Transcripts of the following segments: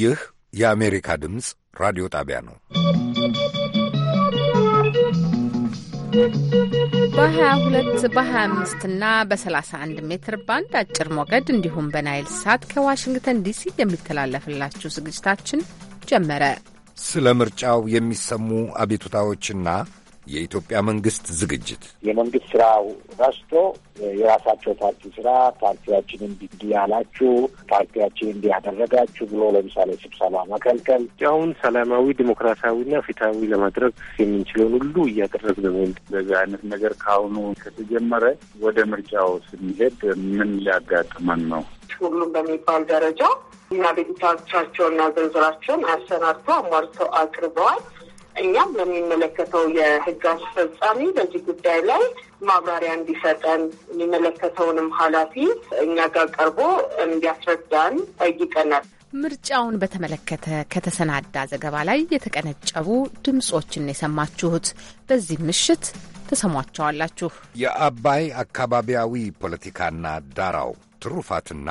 ይህ የአሜሪካ ድምፅ ራዲዮ ጣቢያ ነው። በ22 በ25 እና በ31 ሜትር ባንድ አጭር ሞገድ እንዲሁም በናይል ሳት ከዋሽንግተን ዲሲ የሚተላለፍላችሁ ዝግጅታችን ጀመረ። ስለ ምርጫው የሚሰሙ አቤቱታዎችና የኢትዮጵያ መንግስት ዝግጅት የመንግስት ስራው ረስቶ የራሳቸው ፓርቲ ስራ ፓርቲያችን እንዲህ ያላችሁ ፓርቲያችን እንዲያደረጋችሁ ብሎ ለምሳሌ ስብሰባ መከልከል አሁን ሰላማዊ ዲሞክራሲያዊና ፊታዊ ለማድረግ የምንችለውን ሁሉ እያደረግን ነው። በዚህ አይነት ነገር ከአሁኑ ከተጀመረ ወደ ምርጫው ስንሄድ ምን ሊያጋጥመን ነው? ሁሉም በሚባል ደረጃ እና ቤተሰቦቻቸውና ዝርዝራቸውን አሰናድተው አሟልተው አቅርበዋል። እኛም ለሚመለከተው የህግ አስፈጻሚ በዚህ ጉዳይ ላይ ማብራሪያ እንዲሰጠን የሚመለከተውንም ኃላፊ እኛ ጋር ቀርቦ እንዲያስረዳን ጠይቀናል። ምርጫውን በተመለከተ ከተሰናዳ ዘገባ ላይ የተቀነጨቡ ድምጾችን የሰማችሁት። በዚህ ምሽት ተሰሟቸዋላችሁ። የአባይ አካባቢያዊ ፖለቲካና ዳራው ትሩፋትና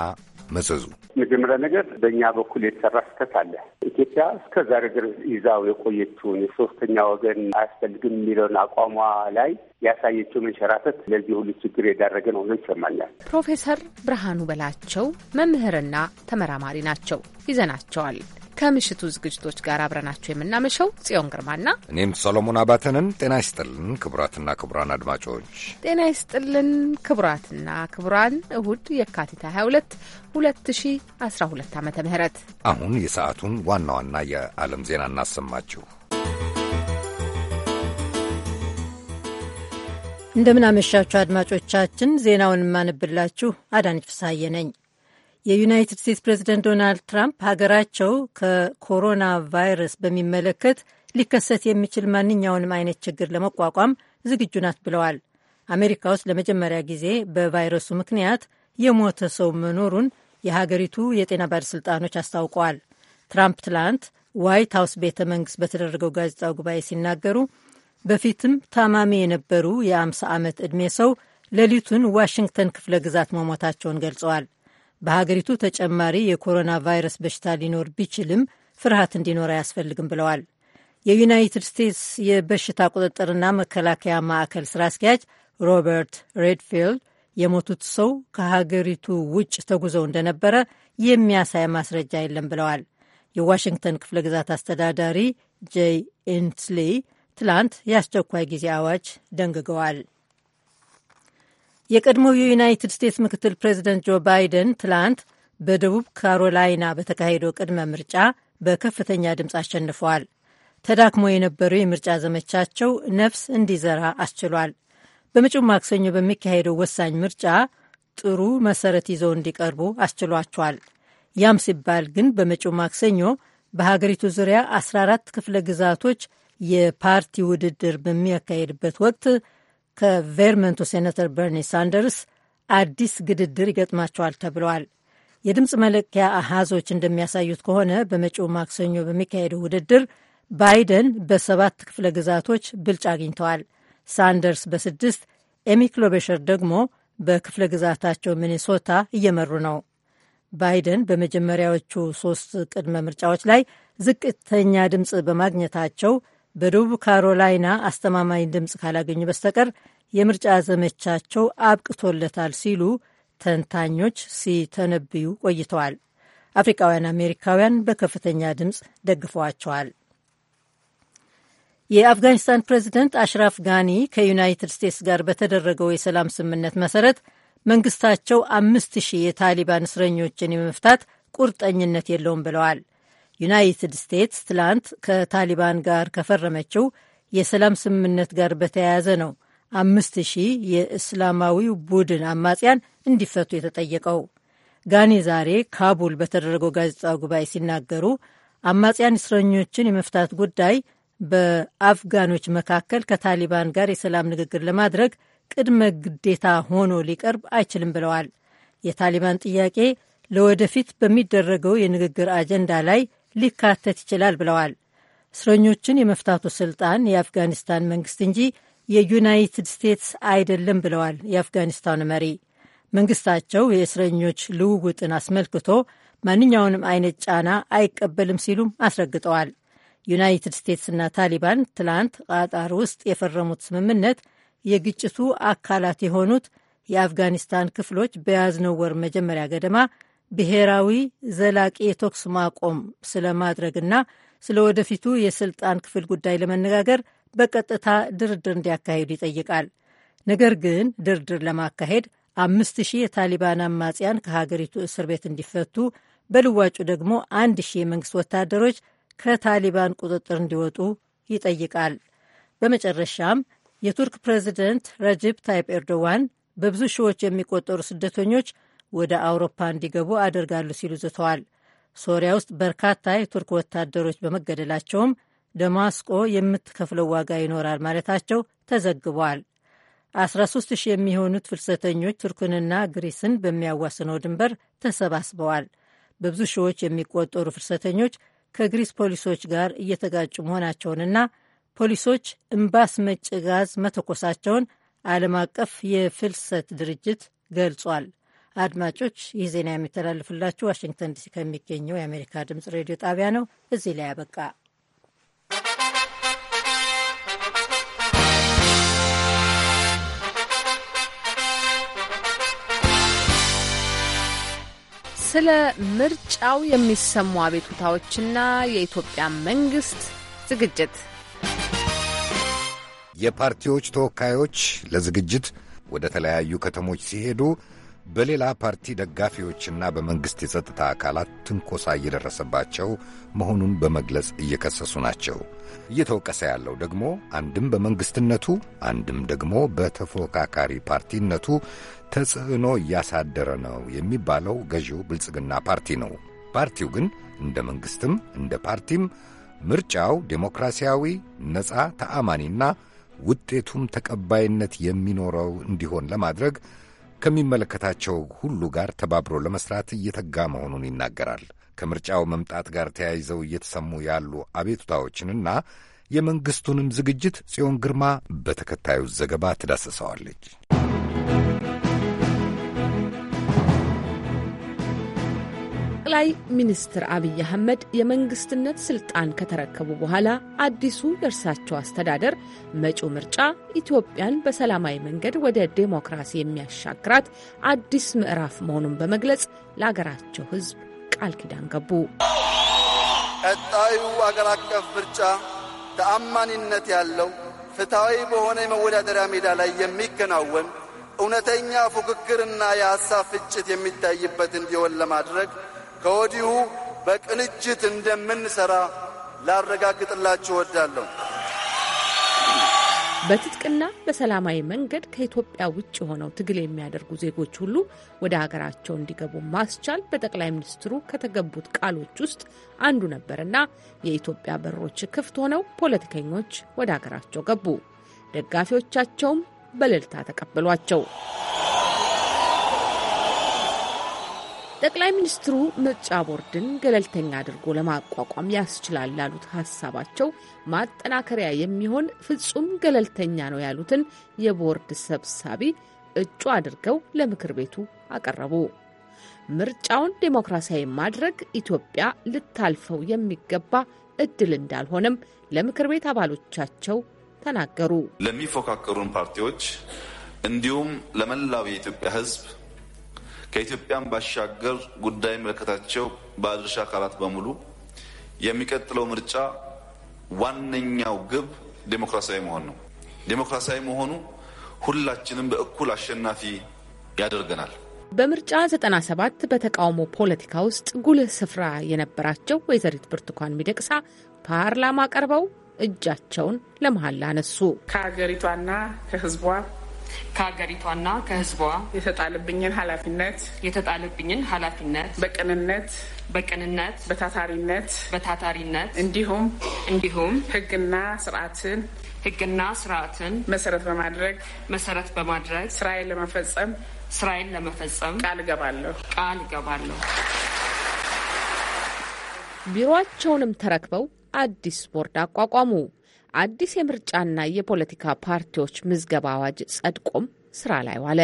መዘዙ መጀመሪያ ነገር በእኛ በኩል የተሰራ ስህተት አለ። ኢትዮጵያ እስከ ዛሬ ድረስ ይዛው የቆየችውን የሶስተኛ ወገን አያስፈልግም የሚለውን አቋሟ ላይ ያሳየችው መንሸራተት ለዚህ ሁሉ ችግር የዳረገ ነው ነው ይሰማኛል። ፕሮፌሰር ብርሃኑ በላቸው መምህርና ተመራማሪ ናቸው። ይዘናቸዋል። ከምሽቱ ዝግጅቶች ጋር አብረናቸው የምናመሸው ጽዮን ግርማና እኔም ሰሎሞን አባተንን። ጤና ይስጥልን ክቡራትና ክቡራን አድማጮች ጤና ይስጥልን ክቡራትና ክቡራን። እሁድ የካቲት 22 2012 ዓ ም አሁን የሰዓቱን ዋና ዋና የዓለም ዜና እናሰማችሁ። እንደምናመሻችሁ አድማጮቻችን፣ ዜናውን የማንብላችሁ አዳነች ፍሳዬ ነኝ። የዩናይትድ ስቴትስ ፕሬዚደንት ዶናልድ ትራምፕ ሀገራቸው ከኮሮና ቫይረስ በሚመለከት ሊከሰት የሚችል ማንኛውንም አይነት ችግር ለመቋቋም ዝግጁ ናት ብለዋል። አሜሪካ ውስጥ ለመጀመሪያ ጊዜ በቫይረሱ ምክንያት የሞተ ሰው መኖሩን የሀገሪቱ የጤና ባለሥልጣኖች አስታውቀዋል። ትራምፕ ትላንት ዋይት ሀውስ ቤተ መንግስት በተደረገው ጋዜጣዊ ጉባኤ ሲናገሩ በፊትም ታማሚ የነበሩ የ ዓመት ዕድሜ ሰው ሌሊቱን ዋሽንግተን ክፍለ ግዛት መሞታቸውን ገልጸዋል። በሀገሪቱ ተጨማሪ የኮሮና ቫይረስ በሽታ ሊኖር ቢችልም ፍርሃት እንዲኖር አያስፈልግም ብለዋል። የዩናይትድ ስቴትስ የበሽታ ቁጥጥርና መከላከያ ማዕከል ስራ አስኪያጅ ሮበርት ሬድፊልድ የሞቱት ሰው ከሀገሪቱ ውጭ ተጉዘው እንደነበረ የሚያሳይ ማስረጃ የለም ብለዋል። የዋሽንግተን ክፍለ ግዛት አስተዳዳሪ ጄይ ኢንስሌይ ትላንት የአስቸኳይ ጊዜ አዋጅ ደንግገዋል። የቀድሞው የዩናይትድ ስቴትስ ምክትል ፕሬዚደንት ጆ ባይደን ትላንት በደቡብ ካሮላይና በተካሄደው ቅድመ ምርጫ በከፍተኛ ድምፅ አሸንፈዋል። ተዳክሞ የነበረው የምርጫ ዘመቻቸው ነፍስ እንዲዘራ አስችሏል። በመጪው ማክሰኞ በሚካሄደው ወሳኝ ምርጫ ጥሩ መሰረት ይዘው እንዲቀርቡ አስችሏቸዋል። ያም ሲባል ግን በመጪው ማክሰኞ በሀገሪቱ ዙሪያ 14 ክፍለ ግዛቶች የፓርቲ ውድድር በሚያካሄድበት ወቅት ከቬርመንቱ ሴነተር በርኒ ሳንደርስ አዲስ ግድድር ይገጥማቸዋል ተብለዋል። የድምፅ መለኪያ አሃዞች እንደሚያሳዩት ከሆነ በመጪው ማክሰኞ በሚካሄደው ውድድር ባይደን በሰባት ክፍለ ግዛቶች ብልጫ አግኝተዋል። ሳንደርስ በስድስት፣ ኤሚ ክሎቤሸር ደግሞ በክፍለ ግዛታቸው ሚኔሶታ እየመሩ ነው። ባይደን በመጀመሪያዎቹ ሶስት ቅድመ ምርጫዎች ላይ ዝቅተኛ ድምፅ በማግኘታቸው በደቡብ ካሮላይና አስተማማኝ ድምፅ ካላገኙ በስተቀር የምርጫ ዘመቻቸው አብቅቶለታል ሲሉ ተንታኞች ሲተነብዩ ቆይተዋል። አፍሪካውያን አሜሪካውያን በከፍተኛ ድምፅ ደግፈዋቸዋል። የአፍጋኒስታን ፕሬዚደንት አሽራፍ ጋኒ ከዩናይትድ ስቴትስ ጋር በተደረገው የሰላም ስምምነት መሰረት መንግስታቸው አምስት ሺህ የታሊባን እስረኞችን የመፍታት ቁርጠኝነት የለውም ብለዋል። ዩናይትድ ስቴትስ ትላንት ከታሊባን ጋር ከፈረመችው የሰላም ስምምነት ጋር በተያያዘ ነው አምስት ሺህ የእስላማዊ ቡድን አማጽያን እንዲፈቱ የተጠየቀው። ጋኒ ዛሬ ካቡል በተደረገው ጋዜጣ ጉባኤ ሲናገሩ አማጽያን እስረኞችን የመፍታት ጉዳይ በአፍጋኖች መካከል ከታሊባን ጋር የሰላም ንግግር ለማድረግ ቅድመ ግዴታ ሆኖ ሊቀርብ አይችልም ብለዋል። የታሊባን ጥያቄ ለወደፊት በሚደረገው የንግግር አጀንዳ ላይ ሊካተት ይችላል ብለዋል። እስረኞችን የመፍታቱ ስልጣን የአፍጋኒስታን መንግስት እንጂ የዩናይትድ ስቴትስ አይደለም ብለዋል የአፍጋኒስታኑ መሪ። መንግስታቸው የእስረኞች ልውውጥን አስመልክቶ ማንኛውንም አይነት ጫና አይቀበልም ሲሉም አስረግጠዋል። ዩናይትድ ስቴትስና ታሊባን ትላንት ቃጣር ውስጥ የፈረሙት ስምምነት የግጭቱ አካላት የሆኑት የአፍጋኒስታን ክፍሎች በያዝነው ወር መጀመሪያ ገደማ ብሔራዊ ዘላቂ የተኩስ ማቆም ስለማድረግና ስለ ወደፊቱ የስልጣን ክፍል ጉዳይ ለመነጋገር በቀጥታ ድርድር እንዲያካሂዱ ይጠይቃል። ነገር ግን ድርድር ለማካሄድ አምስት ሺህ የታሊባን አማጽያን ከሀገሪቱ እስር ቤት እንዲፈቱ በልዋጩ ደግሞ አንድ ሺህ የመንግስት ወታደሮች ከታሊባን ቁጥጥር እንዲወጡ ይጠይቃል። በመጨረሻም የቱርክ ፕሬዚደንት ረጅብ ታይፕ ኤርዶዋን በብዙ ሺዎች የሚቆጠሩ ስደተኞች ወደ አውሮፓ እንዲገቡ አደርጋሉ ሲሉ ዝተዋል። ሶሪያ ውስጥ በርካታ የቱርክ ወታደሮች በመገደላቸውም ደማስቆ የምትከፍለው ዋጋ ይኖራል ማለታቸው ተዘግቧል። 13 ሺህ የሚሆኑት ፍልሰተኞች ቱርክንና ግሪስን በሚያዋስነው ድንበር ተሰባስበዋል። በብዙ ሺዎች የሚቆጠሩ ፍልሰተኞች ከግሪስ ፖሊሶች ጋር እየተጋጩ መሆናቸውንና ፖሊሶች እምባስ መጭ ጋዝ መተኮሳቸውን ዓለም አቀፍ የፍልሰት ድርጅት ገልጿል። አድማጮች ይህ ዜና የሚተላልፍላችሁ ዋሽንግተን ዲሲ ከሚገኘው የአሜሪካ ድምጽ ሬዲዮ ጣቢያ ነው። እዚህ ላይ ያበቃ። ስለ ምርጫው የሚሰሙ አቤቱታዎችና የኢትዮጵያ መንግስት ዝግጅት የፓርቲዎች ተወካዮች ለዝግጅት ወደ ተለያዩ ከተሞች ሲሄዱ በሌላ ፓርቲ ደጋፊዎችና በመንግሥት የጸጥታ አካላት ትንኮሳ እየደረሰባቸው መሆኑን በመግለጽ እየከሰሱ ናቸው። እየተወቀሰ ያለው ደግሞ አንድም በመንግሥትነቱ አንድም ደግሞ በተፎካካሪ ፓርቲነቱ ተጽዕኖ እያሳደረ ነው የሚባለው ገዢው ብልጽግና ፓርቲ ነው። ፓርቲው ግን እንደ መንግሥትም እንደ ፓርቲም ምርጫው ዴሞክራሲያዊ፣ ነፃ፣ ተአማኒና ውጤቱም ተቀባይነት የሚኖረው እንዲሆን ለማድረግ ከሚመለከታቸው ሁሉ ጋር ተባብሮ ለመስራት እየተጋ መሆኑን ይናገራል። ከምርጫው መምጣት ጋር ተያይዘው እየተሰሙ ያሉ አቤቱታዎችንና የመንግስቱንም ዝግጅት ጽዮን ግርማ በተከታዩ ዘገባ ትዳስሰዋለች። ጠቅላይ ሚኒስትር አብይ አህመድ የመንግስትነት ስልጣን ከተረከቡ በኋላ አዲሱ የእርሳቸው አስተዳደር መጪው ምርጫ ኢትዮጵያን በሰላማዊ መንገድ ወደ ዴሞክራሲ የሚያሻግራት አዲስ ምዕራፍ መሆኑን በመግለጽ ለአገራቸው ሕዝብ ቃል ኪዳን ገቡ። ቀጣዩ አገር አቀፍ ምርጫ ተአማኒነት ያለው ፍትሐዊ በሆነ የመወዳደሪያ ሜዳ ላይ የሚከናወን እውነተኛ ፉክክርና የሐሳብ ፍጭት የሚታይበት እንዲሆን ለማድረግ ከወዲሁ በቅንጅት እንደምንሰራ ላረጋግጥላችሁ እወዳለሁ። በትጥቅና በሰላማዊ መንገድ ከኢትዮጵያ ውጭ ሆነው ትግል የሚያደርጉ ዜጎች ሁሉ ወደ ሀገራቸው እንዲገቡ ማስቻል በጠቅላይ ሚኒስትሩ ከተገቡት ቃሎች ውስጥ አንዱ ነበርና የኢትዮጵያ በሮች ክፍት ሆነው ፖለቲከኞች ወደ ሀገራቸው ገቡ። ደጋፊዎቻቸውም በልልታ ተቀበሏቸው። ጠቅላይ ሚኒስትሩ ምርጫ ቦርድን ገለልተኛ አድርጎ ለማቋቋም ያስችላል ላሉት ሀሳባቸው ማጠናከሪያ የሚሆን ፍጹም ገለልተኛ ነው ያሉትን የቦርድ ሰብሳቢ እጩ አድርገው ለምክር ቤቱ አቀረቡ። ምርጫውን ዴሞክራሲያዊ ማድረግ ኢትዮጵያ ልታልፈው የሚገባ እድል እንዳልሆነም ለምክር ቤት አባሎቻቸው ተናገሩ። ለሚፎካከሩን ፓርቲዎች እንዲሁም ለመላው የኢትዮጵያ ሕዝብ ከኢትዮጵያን ባሻገር ጉዳይ የሚመለከታቸው ባለድርሻ አካላት በሙሉ የሚቀጥለው ምርጫ ዋነኛው ግብ ዴሞክራሲያዊ መሆን ነው። ዴሞክራሲያዊ መሆኑ ሁላችንም በእኩል አሸናፊ ያደርገናል። በምርጫ 97 በተቃውሞ ፖለቲካ ውስጥ ጉልህ ስፍራ የነበራቸው ወይዘሪት ብርቱካን ሚደቅሳ ፓርላማ ቀርበው እጃቸውን ለመሀል አነሱ። ከሀገሪቷና ከህዝቧ። ከሀገሪቷና ከሕዝቧ የተጣለብኝን ኃላፊነት የተጣለብኝን ኃላፊነት በቅንነት በቅንነት በታታሪነት በታታሪነት እንዲሁም እንዲሁም ሕግና ስርዓትን ሕግና ስርዓትን መሰረት በማድረግ መሰረት በማድረግ ስራዬን ለመፈጸም ስራዬን ለመፈጸም ቃል እገባለሁ ቃል እገባለሁ። ቢሮአቸውንም ተረክበው አዲስ ቦርድ አቋቋሙ። አዲስ የምርጫና የፖለቲካ ፓርቲዎች ምዝገባ አዋጅ ጸድቆም ስራ ላይ ዋለ።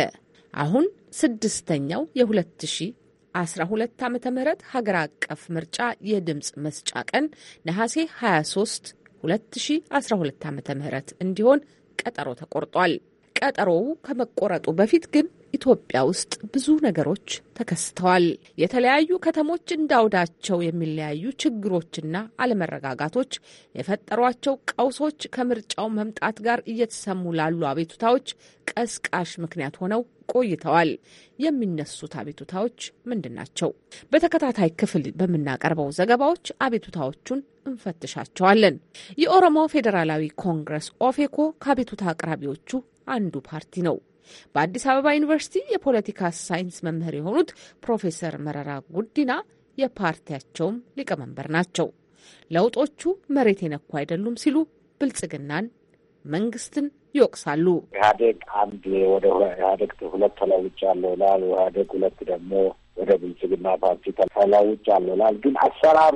አሁን ስድስተኛው የ2012 ዓ ም ሀገር አቀፍ ምርጫ የድምፅ መስጫ ቀን ነሐሴ 23 2012 ዓ ም እንዲሆን ቀጠሮ ተቆርጧል። ቀጠሮው ከመቆረጡ በፊት ግን ኢትዮጵያ ውስጥ ብዙ ነገሮች ተከስተዋል። የተለያዩ ከተሞች እንዳውዳቸው የሚለያዩ ችግሮችና አለመረጋጋቶች የፈጠሯቸው ቀውሶች ከምርጫው መምጣት ጋር እየተሰሙ ላሉ አቤቱታዎች ቀስቃሽ ምክንያት ሆነው ቆይተዋል። የሚነሱት አቤቱታዎች ምንድን ናቸው? በተከታታይ ክፍል በምናቀርበው ዘገባዎች አቤቱታዎቹን እንፈትሻቸዋለን። የኦሮሞ ፌዴራላዊ ኮንግረስ ኦፌኮ ከአቤቱታ አቅራቢዎቹ አንዱ ፓርቲ ነው። በአዲስ አበባ ዩኒቨርሲቲ የፖለቲካ ሳይንስ መምህር የሆኑት ፕሮፌሰር መረራ ጉዲና የፓርቲያቸውም ሊቀመንበር ናቸው። ለውጦቹ መሬት የነኩ አይደሉም ሲሉ ብልጽግናን መንግስትን ይወቅሳሉ። ኢህአዴግ አንድ ወደ ኢህአዴግ ሁለት ተለውጫለሁ ይላል። ኢህአዴግ ሁለት ደግሞ ወደ ብልጽግና ፓርቲ ተለውጫለሁ ይላል። ግን አሰራሩ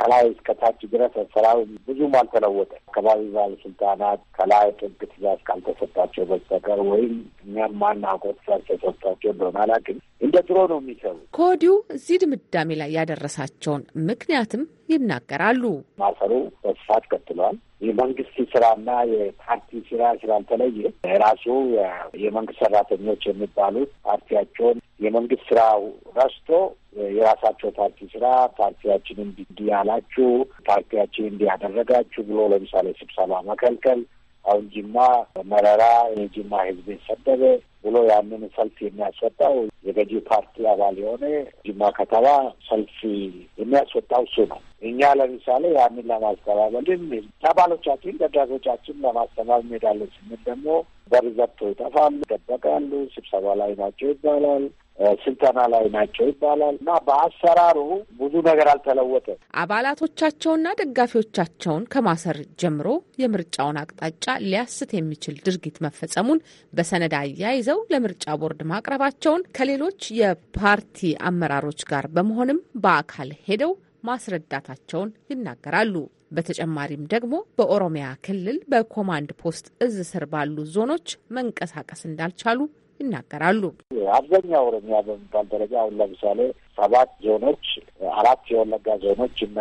ከላይ እስከታች ድረስ አሰራሩ ብዙም አልተለወጠ። አካባቢ ባለስልጣናት ከላይ ጥብቅ ትእዛዝ ካልተሰጣቸው በስተቀር ወይም እኛም ማናውቀው ትእዛዝ የደረሳቸው እንደሆነ እንደ ድሮ ነው የሚሰሩ። ከወዲሁ እዚህ ድምዳሜ ላይ ያደረሳቸውን ምክንያትም ይናገራሉ። ማሰሩ በስፋት ቀጥሏል። የመንግስት ስራና የፓርቲ ስራ ስላልተለየ ራሱ የመንግስት ሰራተኞች የሚባሉት ፓርቲያቸውን የመንግስት ስራ ረስቶ የራሳቸው ፓርቲ ስራ ፓርቲያችን ያላችሁ ፓርቲያችን እንዲያደረጋችሁ ብሎ ለምሳሌ ስብሰባ መከልከል አሁን ጅማ መረራ የጅማ ህዝብ ሰደበ ብሎ ያንን ሰልፍ የሚያስወጣው የገዢ ፓርቲ አባል የሆነ ጅማ ከተማ ሰልፍ የሚያስወጣው እሱ ነው። እኛ ለምሳሌ ያንን ለማስተባበልም አባሎቻችን ደጋጎቻችን ለማስተባበል እንሄዳለን ስንል ደግሞ በሪዘርቶ ይጠፋሉ፣ ይጠበቃሉ፣ ስብሰባ ላይ ናቸው ይባላል። ስልጠና ላይ ናቸው ይባላል እና በአሰራሩ ብዙ ነገር አልተለወጠም። አባላቶቻቸውና ደጋፊዎቻቸውን ከማሰር ጀምሮ የምርጫውን አቅጣጫ ሊያስት የሚችል ድርጊት መፈጸሙን በሰነድ አያይዘው ለምርጫ ቦርድ ማቅረባቸውን ከሌሎች የፓርቲ አመራሮች ጋር በመሆንም በአካል ሄደው ማስረዳታቸውን ይናገራሉ። በተጨማሪም ደግሞ በኦሮሚያ ክልል በኮማንድ ፖስት እዝ ስር ባሉ ዞኖች መንቀሳቀስ እንዳልቻሉ ይናገራሉ። አብዛኛው ኦሮሚያ በሚባል ደረጃ አሁን ለምሳሌ ሰባት ዞኖች፣ አራት የወለጋ ዞኖች እና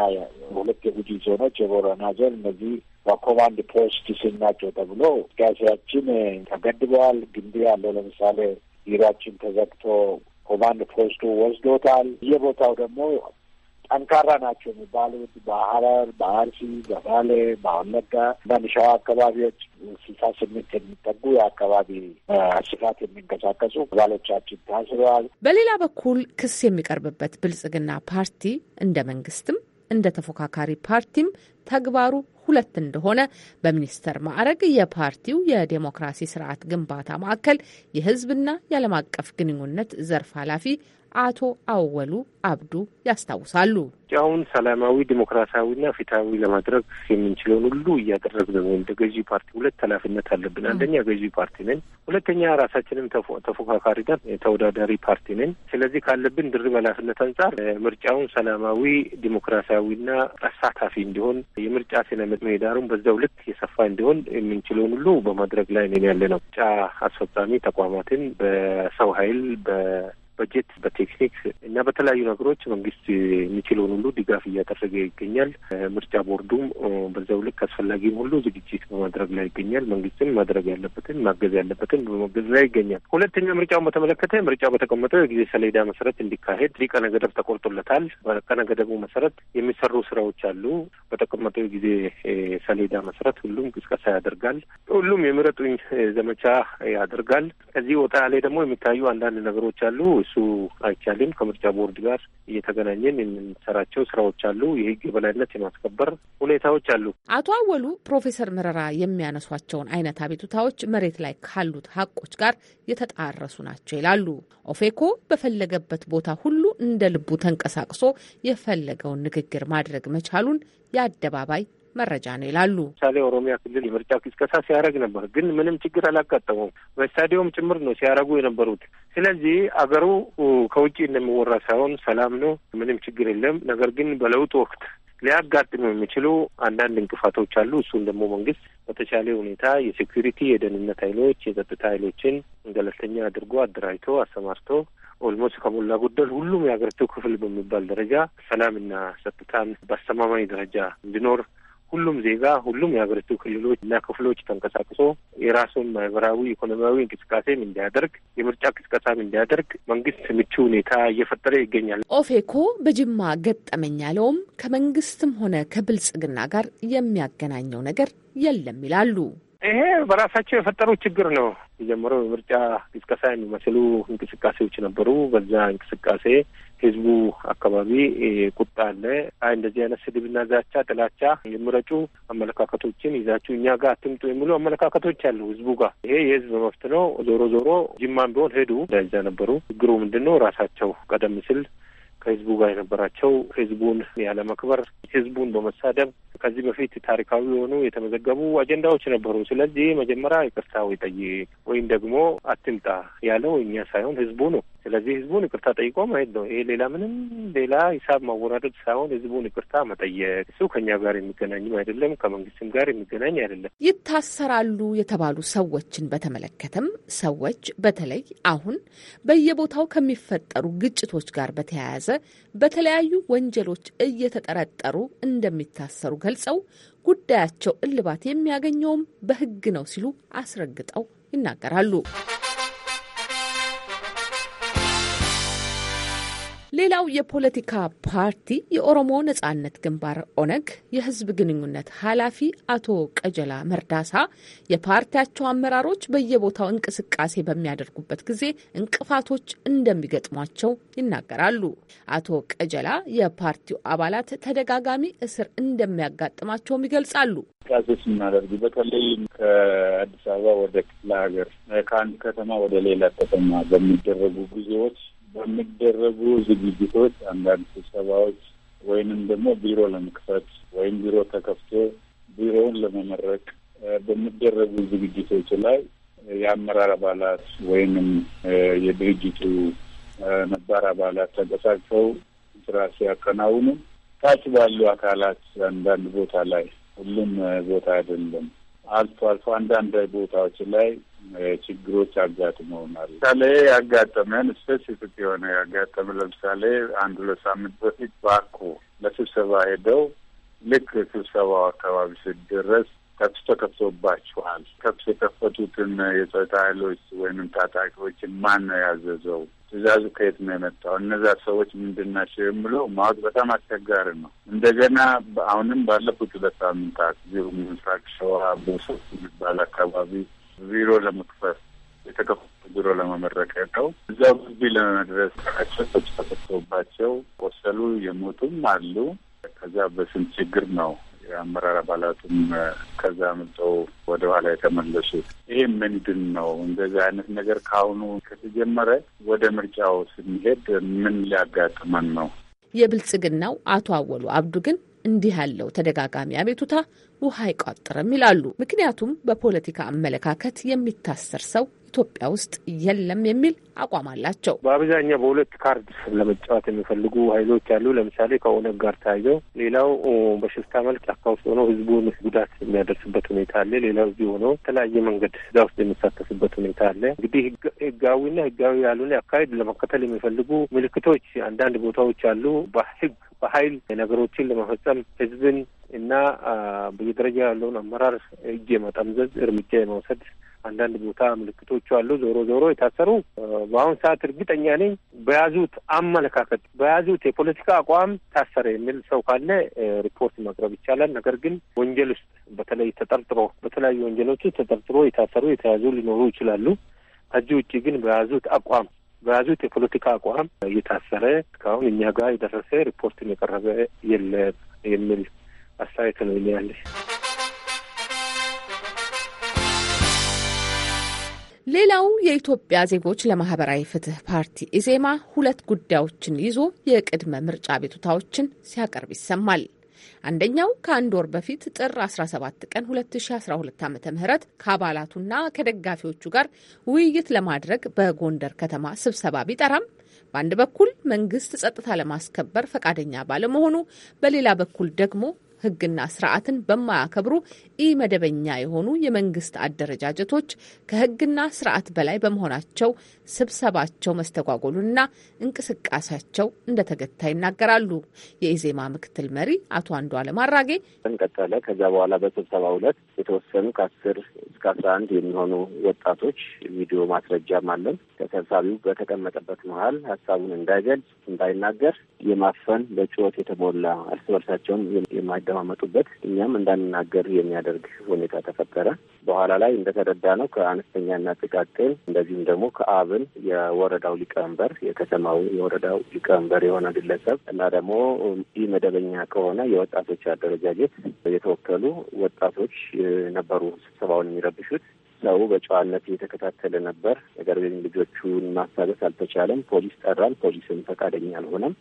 ሁለት የጉጂ ዞኖች፣ የቦረና ዞን እነዚህ በኮማንድ ፖስት ስር ናቸው ተብሎ ጋሴያችን ተገድበዋል። ግንቢ ያለው ለምሳሌ ቢሮአችን ተዘግቶ ኮማንድ ፖስቱ ወስዶታል። በየቦታው ደግሞ ጠንካራ ናቸው የሚባሉት በሀረር፣ በአርሲ፣ በባሌ፣ በወለጋ በንሻዋ አካባቢዎች ስልሳ ስምንት የሚጠጉ የአካባቢ ስፋት የሚንቀሳቀሱ ባሎቻችን ታስረዋል። በሌላ በኩል ክስ የሚቀርብበት ብልጽግና ፓርቲ እንደ መንግስትም እንደ ተፎካካሪ ፓርቲም ተግባሩ ሁለት እንደሆነ በሚኒስተር ማዕረግ የፓርቲው የዴሞክራሲ ስርዓት ግንባታ ማዕከል የህዝብና የዓለም አቀፍ ግንኙነት ዘርፍ ኃላፊ አቶ አወሉ አብዱ ያስታውሳሉ። አሁን ሰላማዊ ዲሞክራሲያዊና ፍትሐዊ ለማድረግ የምንችለውን ሁሉ እያደረግን ነው። እንደ ገዢ ፓርቲ ሁለት ኃላፊነት አለብን። አንደኛ ገዢ ፓርቲ ነን፣ ሁለተኛ ራሳችንም ተፎካካሪና ተወዳዳሪ ፓርቲ ነን። ስለዚህ ካለብን ድርብ ኃላፊነት አንጻር ምርጫውን ሰላማዊ ዲሞክራሲያዊና አሳታፊ እንዲሆን የምርጫ ስነ ምህዳሩን በዛው ልክ የሰፋ እንዲሆን የምንችለውን ሁሉ በማድረግ ላይ ነን ያለ ነው። ምርጫ አስፈጻሚ ተቋማትን በሰው ኃይል በ በጀት በቴክኒክ እና በተለያዩ ነገሮች መንግስት የሚችለውን ሁሉ ድጋፍ እያደረገ ይገኛል። ምርጫ ቦርዱም በዛው ልክ አስፈላጊም ሁሉ ዝግጅት በማድረግ ላይ ይገኛል። መንግስትን ማድረግ ያለበትን ማገዝ ያለበትን በማገዝ ላይ ይገኛል። ሁለተኛ ምርጫውን በተመለከተ ምርጫው በተቀመጠው የጊዜ ሰሌዳ መሰረት እንዲካሄድ ቀነ ገደብ ተቆርጦለታል። በቀነ ገደቡ መሰረት የሚሰሩ ስራዎች አሉ። በተቀመጠው የጊዜ ሰሌዳ መሰረት ሁሉም ቅስቀሳ ያደርጋል። ሁሉም የምረጡኝ ዘመቻ ያደርጋል። ከዚህ ወጣ ላይ ደግሞ የሚታዩ አንዳንድ ነገሮች አሉ። እሱ አይቻልም። ከምርጫ ቦርድ ጋር እየተገናኘን የምንሰራቸው ስራዎች አሉ። የህግ የበላይነት የማስከበር ሁኔታዎች አሉ። አቶ አወሉ ፕሮፌሰር መረራ የሚያነሷቸውን አይነት አቤቱታዎች መሬት ላይ ካሉት ሀቆች ጋር የተጣረሱ ናቸው ይላሉ። ኦፌኮ በፈለገበት ቦታ ሁሉ እንደ ልቡ ተንቀሳቅሶ የፈለገውን ንግግር ማድረግ መቻሉን የአደባባይ መረጃ ነው ይላሉ። ምሳሌ ኦሮሚያ ክልል የምርጫ ቅስቀሳ ሲያደርግ ነበር፣ ግን ምንም ችግር አላጋጠመውም። በስታዲየም ጭምር ነው ሲያደርጉ የነበሩት። ስለዚህ አገሩ ከውጭ እንደሚወራ ሳይሆን ሰላም ነው፣ ምንም ችግር የለም። ነገር ግን በለውጥ ወቅት ሊያጋጥሙ የሚችሉ አንዳንድ እንቅፋቶች አሉ። እሱን ደግሞ መንግስት በተቻለ ሁኔታ የሴኩሪቲ የደህንነት ኃይሎች የጸጥታ ኃይሎችን ገለልተኛ አድርጎ አደራጅቶ አሰማርቶ ኦልሞስት ከሞላ ጎደል ሁሉም የሀገሪቱ ክፍል በሚባል ደረጃ ሰላምና ጸጥታን በአስተማማኝ ደረጃ እንዲኖር ሁሉም ዜጋ ሁሉም የሀገሪቱ ክልሎች እና ክፍሎች ተንቀሳቅሶ የራሱን ማህበራዊ ኢኮኖሚያዊ እንቅስቃሴም እንዲያደርግ የምርጫ ቅስቀሳም እንዲያደርግ መንግስት ምቹ ሁኔታ እየፈጠረ ይገኛል። ኦፌኮ በጅማ ገጠመኝ ያለውም ከመንግስትም ሆነ ከብልጽግና ጋር የሚያገናኘው ነገር የለም ይላሉ። ይሄ በራሳቸው የፈጠሩት ችግር ነው። የጀመረው የምርጫ ቅስቀሳ የሚመስሉ እንቅስቃሴዎች ነበሩ። በዛ እንቅስቃሴ ህዝቡ አካባቢ ቁጣ አለ። አይ እንደዚህ አይነት ስድብና ዛቻ፣ ጥላቻ የምረጩ አመለካከቶችን ይዛችሁ እኛ ጋር አትምጡ የሚሉ አመለካከቶች አሉ ህዝቡ ጋር። ይሄ የህዝብ መብት ነው። ዞሮ ዞሮ ጅማን ቢሆን ሄዱ ለዛ ነበሩ። ችግሩ ምንድን ነው? ራሳቸው ቀደም ሲል ከህዝቡ ጋር የነበራቸው ህዝቡን ያለመክበር፣ ህዝቡን በመሳደብ ከዚህ በፊት ታሪካዊ የሆኑ የተመዘገቡ አጀንዳዎች ነበሩ። ስለዚህ መጀመሪያ ይቅርታ ወይ ጠይቅ ወይም ደግሞ አትምጣ ያለው እኛ ሳይሆን ህዝቡ ነው። ስለዚህ ህዝቡን ይቅርታ ጠይቆ ማየት ነው። ይሄ ሌላ ምንም ሌላ ሂሳብ ማወራደድ ሳይሆን ህዝቡን ይቅርታ መጠየቅ። እሱ ከእኛ ጋር የሚገናኝም አይደለም፣ ከመንግስትም ጋር የሚገናኝ አይደለም። ይታሰራሉ የተባሉ ሰዎችን በተመለከተም ሰዎች በተለይ አሁን በየቦታው ከሚፈጠሩ ግጭቶች ጋር በተያያዘ በተለያዩ ወንጀሎች እየተጠረጠሩ እንደሚታሰሩ ገልጸው ጉዳያቸው እልባት የሚያገኘውም በሕግ ነው ሲሉ አስረግጠው ይናገራሉ። ሌላው የፖለቲካ ፓርቲ የኦሮሞ ነጻነት ግንባር ኦነግ የህዝብ ግንኙነት ኃላፊ አቶ ቀጀላ መርዳሳ የፓርቲያቸው አመራሮች በየቦታው እንቅስቃሴ በሚያደርጉበት ጊዜ እንቅፋቶች እንደሚገጥሟቸው ይናገራሉ። አቶ ቀጀላ የፓርቲው አባላት ተደጋጋሚ እስር እንደሚያጋጥማቸውም ይገልጻሉ። እንቅስቃሴ ስናደርግ በተለይ ከአዲስ አበባ ወደ ክፍለ ሀገር ከአንድ ከተማ ወደ ሌላ ከተማ በሚደረጉ ጊዜዎች በሚደረጉ ዝግጅቶች፣ አንዳንድ ስብሰባዎች ወይንም ደግሞ ቢሮ ለመክፈት ወይም ቢሮ ተከፍቶ ቢሮውን ለመመረቅ በሚደረጉ ዝግጅቶች ላይ የአመራር አባላት ወይንም የድርጅቱ ነባር አባላት ተንቀሳቅሰው ስራ ሲያከናውኑ ታች ባሉ አካላት አንዳንድ ቦታ ላይ ሁሉም ቦታ አይደለም፣ አልፎ አልፎ አንዳንድ ቦታዎች ላይ ችግሮች አጋጥመውናል። ምሳሌ ያጋጠመን ስፔሲፊክ የሆነ ያጋጠመ ለምሳሌ አንድ ሁለት ሳምንት በፊት ባኩ ለስብሰባ ሄደው ልክ ስብሰባው አካባቢ ስደረስ ተኩስ ተከፍቶባችኋል። ተኩስ የከፈቱትን የጸጥታ ኃይሎች ወይም ታጣቂዎችን ማን ነው ያዘዘው? ትእዛዙ ከየት ነው የመጣው? እነዛ ሰዎች ምንድን ናቸው የምለው ማወቅ በጣም አስቸጋሪ ነው። እንደገና አሁንም ባለፉት ሁለት ሳምንታት እዚሁ ምስራቅ ሸዋ ቦሶ የሚባል አካባቢ ቢሮ ለመክፈት የተከፈቱ ቢሮ ለመመረቅ ያቀው እዛ ግቢ ለመድረስ ቸው ሰዎች ተሰጥቶባቸው ቆሰሉ፣ የሞቱም አሉ። ከዛ በስንት ችግር ነው የአመራር አባላቱም ከዛ ምጠው ወደ ኋላ የተመለሱት። ይሄ ምንድን ነው? እንደዚህ አይነት ነገር ከአሁኑ ከተጀመረ ወደ ምርጫው ስንሄድ ምን ሊያጋጥመን ነው? የብልጽግናው አቶ አወሉ አብዱ ግን እንዲህ ያለው ተደጋጋሚ አቤቱታ ውሃ አይቋጥርም ይላሉ። ምክንያቱም በፖለቲካ አመለካከት የሚታሰር ሰው ኢትዮጵያ ውስጥ የለም የሚል አቋም አላቸው። በአብዛኛው በሁለት ካርድ ለመጫወት የሚፈልጉ ኃይሎች አሉ። ለምሳሌ ከኦነግ ጋር ተያይዘው፣ ሌላው በሽፍታ መልክ ጫካ ውስጥ ሆኖ ህዝቡን ጉዳት የሚያደርስበት ሁኔታ አለ። ሌላው እዚህ ሆኖ የተለያየ መንገድ እዛ ውስጥ የሚሳተፍበት ሁኔታ አለ። እንግዲህ ህጋዊና ህጋዊ ያልሆነ አካሄድ ለመከተል የሚፈልጉ ምልክቶች አንዳንድ ቦታዎች አሉ። በህግ በኃይል ነገሮችን ለመፈጸም ህዝብን እና በየደረጃ ያለውን አመራር እጅ የመጠምዘዝ እርምጃ የመውሰድ አንዳንድ ቦታ ምልክቶቹ አሉ። ዞሮ ዞሮ የታሰሩ በአሁኑ ሰዓት እርግጠኛ ነኝ በያዙት አመለካከት በያዙት የፖለቲካ አቋም ታሰረ የሚል ሰው ካለ ሪፖርት ማቅረብ ይቻላል። ነገር ግን ወንጀል ውስጥ በተለይ ተጠርጥሮ በተለያዩ ወንጀሎች ተጠርጥሮ የታሰሩ የተያዙ ሊኖሩ ይችላሉ። ከዚህ ውጭ ግን በያዙት አቋም በያዙት የፖለቲካ አቋም እየታሰረ እስካሁን እኛ ጋር የደረሰ ሪፖርትን የቀረበ የለም የሚል አስተያየት ነው ያለ። ሌላው የኢትዮጵያ ዜጎች ለማህበራዊ ፍትህ ፓርቲ ኢዜማ ሁለት ጉዳዮችን ይዞ የቅድመ ምርጫ ቤቱታዎችን ሲያቀርብ ይሰማል። አንደኛው ከአንድ ወር በፊት ጥር 17 ቀን 2012 ዓ ም ከአባላቱና ከደጋፊዎቹ ጋር ውይይት ለማድረግ በጎንደር ከተማ ስብሰባ ቢጠራም በአንድ በኩል መንግስት ጸጥታ ለማስከበር ፈቃደኛ ባለመሆኑ፣ በሌላ በኩል ደግሞ ህግና ስርዓትን በማያከብሩ ኢመደበኛ የሆኑ የመንግስት አደረጃጀቶች ከህግና ስርዓት በላይ በመሆናቸው ስብሰባቸው መስተጓጎሉና እንቅስቃሴያቸው እንደተገታ ይናገራሉ። የኢዜማ ምክትል መሪ አቶ አንዱዓለም አራጌ ቀጠለ። ከዚያ በኋላ በስብሰባ ሁለት የተወሰኑ ከአስር እስከ አስራ አንድ የሚሆኑ ወጣቶች ቪዲዮ ማስረጃም አለን ተሰብሳቢው በተቀመጠበት መሀል ሀሳቡን እንዳይገልጽ፣ እንዳይናገር የማፈን በጩኸት የተሞላ እርስ በርሳቸውን የማ የሚደማመጡበት እኛም እንዳንናገር የሚያደርግ ሁኔታ ተፈጠረ። በኋላ ላይ እንደተረዳ ነው ከአነስተኛና ጥቃቅን እንደዚሁም ደግሞ ከአብን የወረዳው ሊቀመንበር የከተማው የወረዳው ሊቀመንበር የሆነ ግለሰብ እና ደግሞ ይህ መደበኛ ከሆነ የወጣቶች አደረጃጀት የተወከሉ ወጣቶች ነበሩ ስብሰባውን የሚረብሹት። ሰው በጨዋነት እየተከታተለ ነበር። ነገር ግን ልጆቹን ማሳበስ አልተቻለም። ፖሊስ ጠራን። ፖሊስም ፈቃደኛ አልሆነም።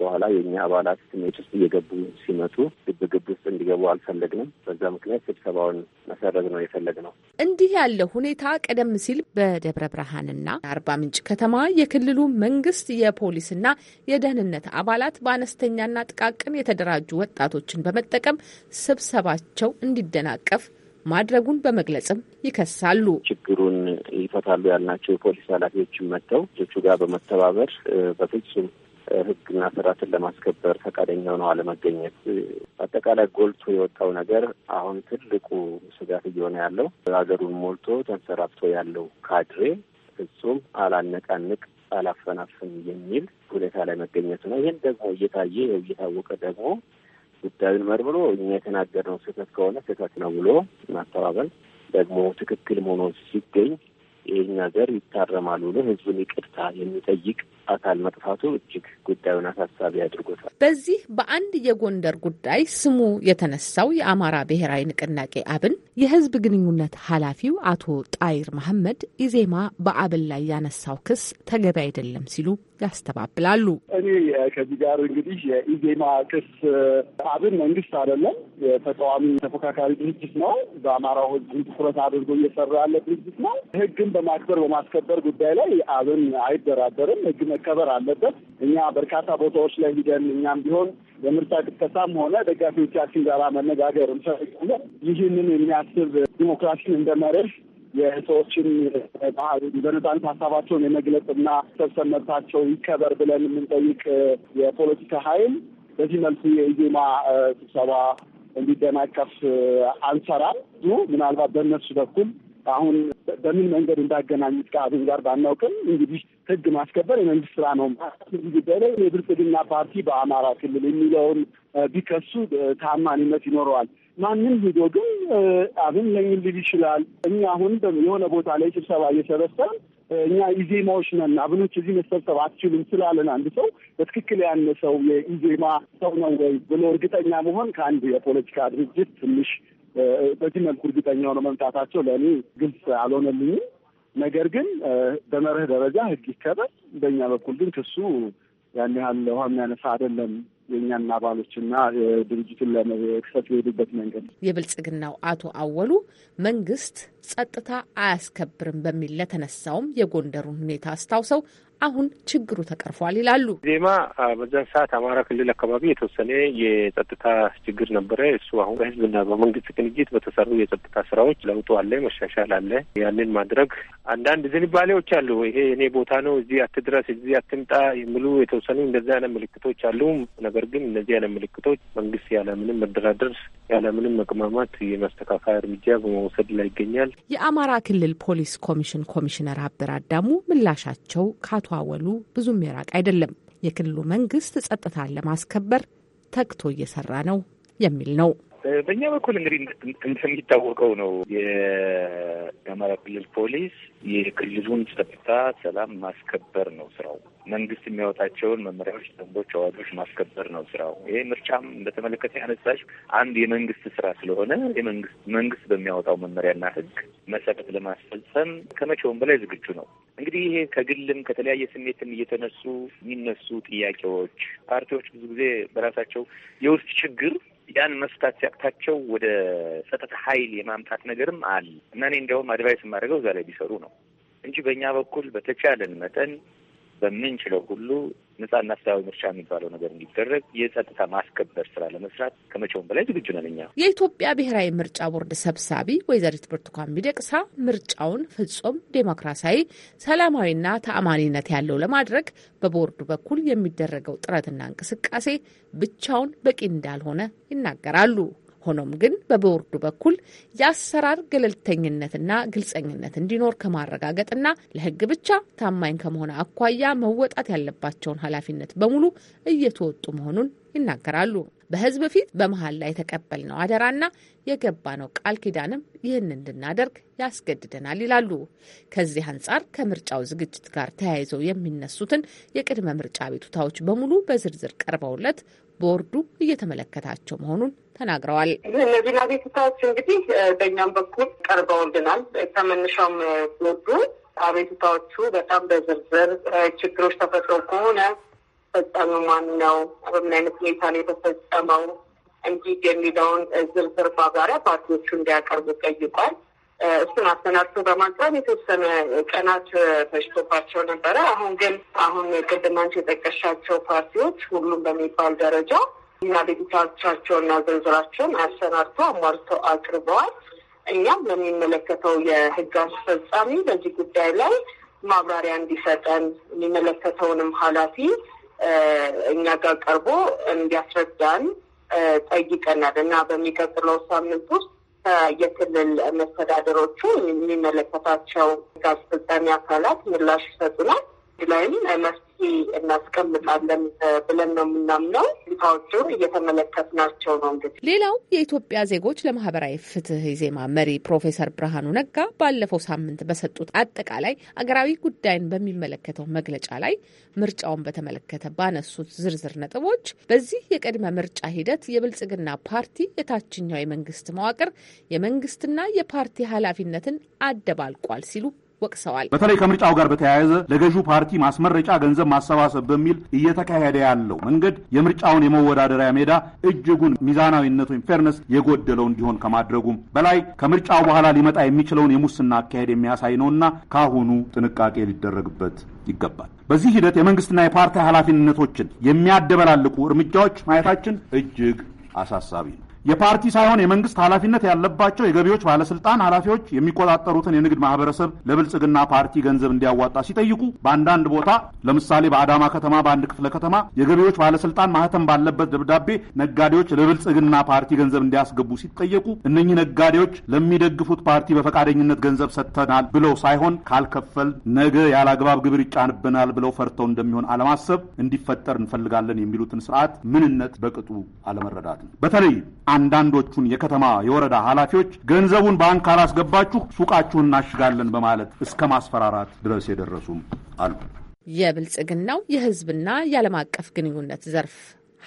በኋላ የእኛ አባላት ስሜት ውስጥ እየገቡ ሲመጡ ግብ ግብ ውስጥ እንዲገቡ አልፈለግንም። በዛ ምክንያት ስብሰባውን መሰረዝ ነው የፈለግነው። እንዲህ ያለ ሁኔታ ቀደም ሲል በደብረ ብርሃንና አርባ ምንጭ ከተማ የክልሉ መንግስት የፖሊስና የደህንነት አባላት በአነስተኛና ጥቃቅን የተደራጁ ወጣቶችን በመጠቀም ስብሰባቸው እንዲደናቀፍ ማድረጉን በመግለጽም ይከሳሉ። ችግሩን ይፈታሉ ያልናቸው የፖሊስ ኃላፊዎችን መጥተው ልጆቹ ጋር በመተባበር በፍጹም ህግና ስርዓትን ለማስከበር ፈቃደኛ ሆነው አለመገኘት፣ አጠቃላይ ጎልቶ የወጣው ነገር አሁን ትልቁ ስጋት እየሆነ ያለው ሀገሩን ሞልቶ ተንሰራፍቶ ያለው ካድሬ ፍጹም አላነቃንቅ አላፈናፍን የሚል ሁኔታ ላይ መገኘት ነው። ይህን ደግሞ እየታየ እየታወቀ ደግሞ ጉዳዩን መርምሮ እኛ የተናገርነው ስህተት ከሆነ ስህተት ነው ብሎ ማስተባበል ደግሞ ትክክል መሆኖ ሲገኝ ይህን ነገር ይታረማል ብሎ ህዝብን ይቅርታ የሚጠይቅ አካል መጥፋቱ እጅግ ጉዳዩን አሳሳቢ አድርጎታል። በዚህ በአንድ የጎንደር ጉዳይ ስሙ የተነሳው የአማራ ብሔራዊ ንቅናቄ አብን የህዝብ ግንኙነት ኃላፊው አቶ ጣይር መሐመድ ኢዜማ በአብን ላይ ያነሳው ክስ ተገቢ አይደለም ሲሉ ያስተባብላሉ። እኔ ከዚህ ጋር እንግዲህ የኢዜማ ክስ አብን መንግስት አይደለም፣ የተቃዋሚ ተፎካካሪ ድርጅት ነው። በአማራው ሕዝብ ትኩረት አድርጎ እየሰራ ያለ ድርጅት ነው። ህግን በማክበር በማስከበር ጉዳይ ላይ አብን አይደራደርም። ህግ መከበር አለበት። እኛ በርካታ ቦታዎች ላይ ሂደን እኛም ቢሆን የምርጫ ቅስቀሳም ሆነ ደጋፊዎቻችን ጋር መነጋገር እንፈልጋለን። ይህንን የሚያስብ ዲሞክራሲን እንደመርህ የሰዎችን በነጻነት ሀሳባቸውን የመግለጽና ሰብሰብ መብታቸው ይከበር ብለን የምንጠይቅ የፖለቲካ ኃይል በዚህ መልኩ የኢዜማ ስብሰባ እንዲደናቀፍ አንሰራም። ብዙ ምናልባት በእነሱ በኩል አሁን በምን መንገድ እንዳገናኙት ከአብን ጋር ባናውቅም እንግዲህ ህግ ማስከበር የመንግስት ስራ ነው። ጉዳይ የብልጽግና ፓርቲ በአማራ ክልል የሚለውን ቢከሱ ታማኒነት ይኖረዋል። ማንም ሂዶ ግን አብን ነኝ ሊል ይችላል። እኛ አሁን የሆነ ቦታ ላይ ስብሰባ እየሰበሰብን እኛ ኢዜማዎች ነን አብኖች እዚህ መሰብሰብ አትችሉም ስላለን አንድ ሰው በትክክል ያነ ሰው የኢዜማ ሰው ነው ወይ ብሎ እርግጠኛ መሆን ከአንድ የፖለቲካ ድርጅት ትንሽ በዚህ መልኩ እርግጠኛ ሆነ መምጣታቸው ለእኔ ግልጽ አልሆነልኝም። ነገር ግን በመርህ ደረጃ ህግ ይከበር፣ በእኛ በኩል ግን ክሱ ያን ያህል ውሃ የሚያነሳ አይደለም የእኛን አባሎችና ድርጅቱን ለመክሰት የሄዱበት መንገድ የብልጽግናው አቶ አወሉ መንግስት ጸጥታ አያስከብርም በሚል ለተነሳውም የጎንደሩን ሁኔታ አስታውሰው አሁን ችግሩ ተቀርፏል ይላሉ። ዜማ በዛን ሰዓት አማራ ክልል አካባቢ የተወሰነ የጸጥታ ችግር ነበረ። እሱ አሁን በህዝብና በመንግስት ቅንጅት በተሰሩ የጸጥታ ስራዎች ለውጡ አለ፣ መሻሻል አለ። ያንን ማድረግ አንዳንድ ዝንባሌዎች አሉ። ይሄ እኔ ቦታ ነው፣ እዚህ አትድረስ፣ እዚህ አትምጣ የሚሉ የተወሰኑ እንደዚህ አይነት ምልክቶች አሉ። ነገር ግን እነዚህ አይነት ምልክቶች መንግስት ያለምንም መደራደር ያለምንም መቅማማት የማስተካከያ እርምጃ በመውሰድ ላይ ይገኛል። የአማራ ክልል ፖሊስ ኮሚሽን ኮሚሽነር አብር አዳሙ ምላሻቸው ከአቶ ማስተዋወሉ ብዙም የራቅ አይደለም። የክልሉ መንግስት ጸጥታን ለማስከበር ተግቶ እየሰራ ነው የሚል ነው። በእኛ በኩል እንግዲህ እንደሚታወቀው ነው የአማራ ክልል ፖሊስ የክልሉን ጸጥታ ሰላም ማስከበር ነው ስራው። መንግስት የሚያወጣቸውን መመሪያዎች፣ ደንቦች፣ አዋጆች ማስከበር ነው ስራው። ይሄ ምርጫም በተመለከተ ያነሳሽ አንድ የመንግስት ስራ ስለሆነ የመንግስት መንግስት በሚያወጣው መመሪያና ህግ መሰረት ለማስፈጸም ከመቼውም በላይ ዝግጁ ነው። እንግዲህ ይሄ ከግልም ከተለያየ ስሜትም እየተነሱ የሚነሱ ጥያቄዎች ፓርቲዎች ብዙ ጊዜ በራሳቸው የውስጥ ችግር ያን መፍታት ሲያቅታቸው ወደ ጸጥታ ኃይል የማምጣት ነገርም አለ እና እኔ እንዲያውም አድቫይስ የማደርገው እዛ ላይ ቢሰሩ ነው እንጂ በእኛ በኩል በተቻለን መጠን በምንችለው ሁሉ ነጻና ፍትሃዊ ምርጫ የሚባለው ነገር እንዲደረግ የጸጥታ ማስከበር ስራ ለመስራት ከመቼውም በላይ ዝግጁ ነን። እኛ የኢትዮጵያ ብሔራዊ ምርጫ ቦርድ ሰብሳቢ ወይዘሪት ብርቱካን ሚደቅሳ ምርጫውን ፍጹም ዴሞክራሲያዊ፣ ሰላማዊና ተአማኒነት ያለው ለማድረግ በቦርዱ በኩል የሚደረገው ጥረትና እንቅስቃሴ ብቻውን በቂ እንዳልሆነ ይናገራሉ። ሆኖም ግን በቦርዱ በኩል የአሰራር ገለልተኝነትና ግልጸኝነት እንዲኖር ከማረጋገጥና ለሕግ ብቻ ታማኝ ከመሆነ አኳያ መወጣት ያለባቸውን ኃላፊነት በሙሉ እየተወጡ መሆኑን ይናገራሉ። በህዝብ ፊት በመሀል ላይ የተቀበልነው አደራና የገባነው ቃል ኪዳንም ይህን እንድናደርግ ያስገድደናል ይላሉ። ከዚህ አንጻር ከምርጫው ዝግጅት ጋር ተያይዘው የሚነሱትን የቅድመ ምርጫ ቤቱታዎች በሙሉ በዝርዝር ቀርበውለት ቦርዱ እየተመለከታቸው መሆኑን ተናግረዋል። እነዚህን አቤቱታዎች እንግዲህ በእኛም በኩል ቀርበውልናል። ከመነሻውም ቦርዱ አቤቱታዎቹ በጣም በዝርዝር ችግሮች ተፈጥሮ ከሆነ የተፈጸመው ማን ነው፣ በምን አይነት ሁኔታ ነው የተፈጸመው እንዲህ የሚለውን ዝርዝር ማብራሪያ ፓርቲዎቹ እንዲያቀርቡ ጠይቋል። እሱን አሰናድቶ በማቅረብ የተወሰነ ቀናት ፈጅቶባቸው ነበረ። አሁን ግን አሁን ቅድም አንቺ የጠቀሻቸው ፓርቲዎች ሁሉም በሚባል ደረጃ እና ቤቶቻቸውና ዝርዝራቸውን አሰናድቶ አሟልቶ አቅርበዋል። እኛም ለሚመለከተው የህግ አስፈጻሚ በዚህ ጉዳይ ላይ ማብራሪያ እንዲሰጠን የሚመለከተውንም ኃላፊ እኛ ጋር ቀርቦ እንዲያስረዳን ጠይቀናል እና በሚቀጥለው ሳምንት ውስጥ የክልል መስተዳደሮቹ የሚመለከታቸው ጋር አስፈጻሚ አካላት ምላሽ ይሰጡናል። ላይም መፍትሄ እናስቀምጣለን ብለን ነው የምናምነው። እየተመለከት ናቸው ነው። እንግዲህ ሌላው የኢትዮጵያ ዜጎች ለማህበራዊ ፍትህ ኢዜማ መሪ ፕሮፌሰር ብርሃኑ ነጋ ባለፈው ሳምንት በሰጡት አጠቃላይ አገራዊ ጉዳይን በሚመለከተው መግለጫ ላይ ምርጫውን በተመለከተ ባነሱት ዝርዝር ነጥቦች በዚህ የቅድመ ምርጫ ሂደት የብልጽግና ፓርቲ የታችኛው የመንግስት መዋቅር የመንግስትና የፓርቲ ኃላፊነትን አደባልቋል ሲሉ ወቅሰዋል። በተለይ ከምርጫው ጋር በተያያዘ ለገዢው ፓርቲ ማስመረጫ ገንዘብ ማሰባሰብ በሚል እየተካሄደ ያለው መንገድ የምርጫውን የመወዳደሪያ ሜዳ እጅጉን ሚዛናዊነት ወይም ፌርነስ የጎደለው እንዲሆን ከማድረጉም በላይ ከምርጫው በኋላ ሊመጣ የሚችለውን የሙስና አካሄድ የሚያሳይ ነውና ከአሁኑ ጥንቃቄ ሊደረግበት ይገባል። በዚህ ሂደት የመንግስትና የፓርቲ ኃላፊነቶችን የሚያደበላልቁ እርምጃዎች ማየታችን እጅግ አሳሳቢ ነው። የፓርቲ ሳይሆን የመንግስት ኃላፊነት ያለባቸው የገቢዎች ባለስልጣን ኃላፊዎች የሚቆጣጠሩትን የንግድ ማህበረሰብ ለብልጽግና ፓርቲ ገንዘብ እንዲያዋጣ ሲጠይቁ በአንዳንድ ቦታ ለምሳሌ በአዳማ ከተማ በአንድ ክፍለ ከተማ የገቢዎች ባለስልጣን ማህተም ባለበት ደብዳቤ ነጋዴዎች ለብልጽግና ፓርቲ ገንዘብ እንዲያስገቡ ሲጠየቁ እነኚህ ነጋዴዎች ለሚደግፉት ፓርቲ በፈቃደኝነት ገንዘብ ሰጥተናል ብለው ሳይሆን ካልከፈል ነገ ያለአግባብ ግብር ይጫንብናል ብለው ፈርተው እንደሚሆን አለማሰብ እንዲፈጠር እንፈልጋለን የሚሉትን ስርዓት ምንነት በቅጡ አለመረዳት ነው። በተለይ አንዳንዶቹን የከተማ የወረዳ ኃላፊዎች ገንዘቡን ባንክ አላስገባችሁ ሱቃችሁን እናሽጋለን በማለት እስከ ማስፈራራት ድረስ የደረሱም አሉ። የብልጽግናው የህዝብና የዓለም አቀፍ ግንኙነት ዘርፍ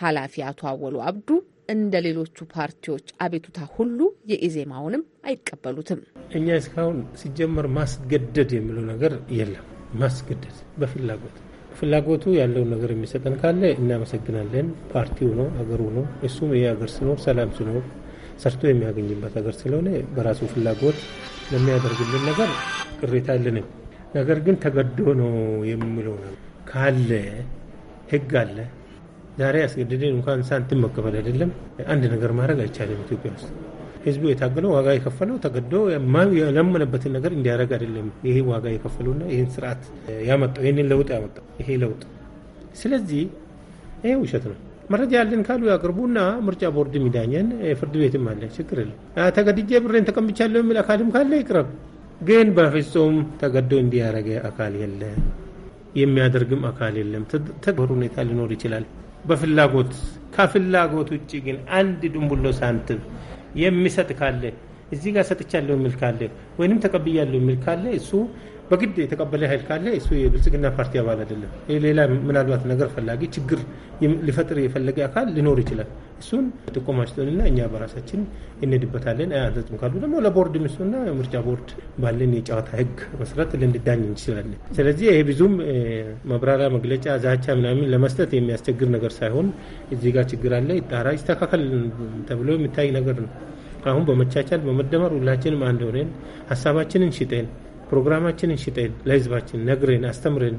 ኃላፊ አቶ አወሉ አብዱ እንደ ሌሎቹ ፓርቲዎች አቤቱታ ሁሉ የኢዜማውንም አይቀበሉትም። እኛ እስካሁን ሲጀመር ማስገደድ የሚለው ነገር የለም። ማስገደድ በፍላጎት ፍላጎቱ ያለውን ነገር የሚሰጠን ካለ እናመሰግናለን። ፓርቲው ነው፣ ሀገሩ ነው። እሱም ይህ ሀገር ሲኖር ሰላም ሲኖር ሰርቶ የሚያገኝበት ሀገር ስለሆነ በራሱ ፍላጎት ለሚያደርግልን ነገር ቅሬታ አለንም። ነገር ግን ተገዶ ነው የምለው ካለ ህግ አለ። ዛሬ አስገድደን እንኳን ሳንቲም መከፈል አይደለም አንድ ነገር ማድረግ አይቻልም ኢትዮጵያ ውስጥ ህዝቡ የታገለው ዋጋ የከፈለው ተገዶ የለመነበትን ነገር እንዲያደርግ አይደለም። ይሄ ዋጋ የከፈለውና ይህን ስርዓት ያመጣው ይህንን ለውጥ ያመጣው ይሄ ለውጥ። ስለዚህ ይሄ ውሸት ነው። መረጃ ያለን ካሉ ያቅርቡና ምርጫ ቦርድ የሚዳኘን ፍርድ ቤትም አለ፣ ችግር የለም። ተገድጄ ብሬን ተቀምቻለሁ የሚል አካልም ካለ ይቅረብ። ግን በፍጹም ተገዶ እንዲያደረገ አካል የለ፣ የሚያደርግም አካል የለም። ተግበር ሁኔታ ሊኖር ይችላል። በፍላጎት ከፍላጎት ውጭ ግን አንድ ድንቡሎ ሳንትብ። የሚሰጥ ካለ እዚህ ጋር ሰጥቻለሁ የሚል ካለ ወይንም ተቀብያለሁ የሚል ካለ እሱ በግድ የተቀበለ ኃይል ካለ እሱ የብልጽግና ፓርቲ አባል አይደለም። ሌላ ምናልባት ነገር ፈላጊ ችግር ሊፈጥር የፈለገ አካል ሊኖር ይችላል። እሱን ጥቆማ ስጡንና እኛ በራሳችን እንድበታለን አያንሰጥም ካሉ ደግሞ ለቦርድ ምስጡና ምርጫ ቦርድ ባለን የጨዋታ ህግ መሰረት ልንዳኝ እንችላለን። ስለዚህ ይሄ ብዙም መብራሪያ፣ መግለጫ፣ ዛቻ ምናምን ለመስጠት የሚያስቸግር ነገር ሳይሆን እዚህ ጋር ችግር አለ ይጣራ፣ ይስተካከል ተብሎ የሚታይ ነገር ነው። አሁን በመቻቻል በመደመር ሁላችንም አንድ ሆነን ሀሳባችንን ሽጠን ፕሮግራማችንን ሽጠን ለህዝባችን ነግረን አስተምረን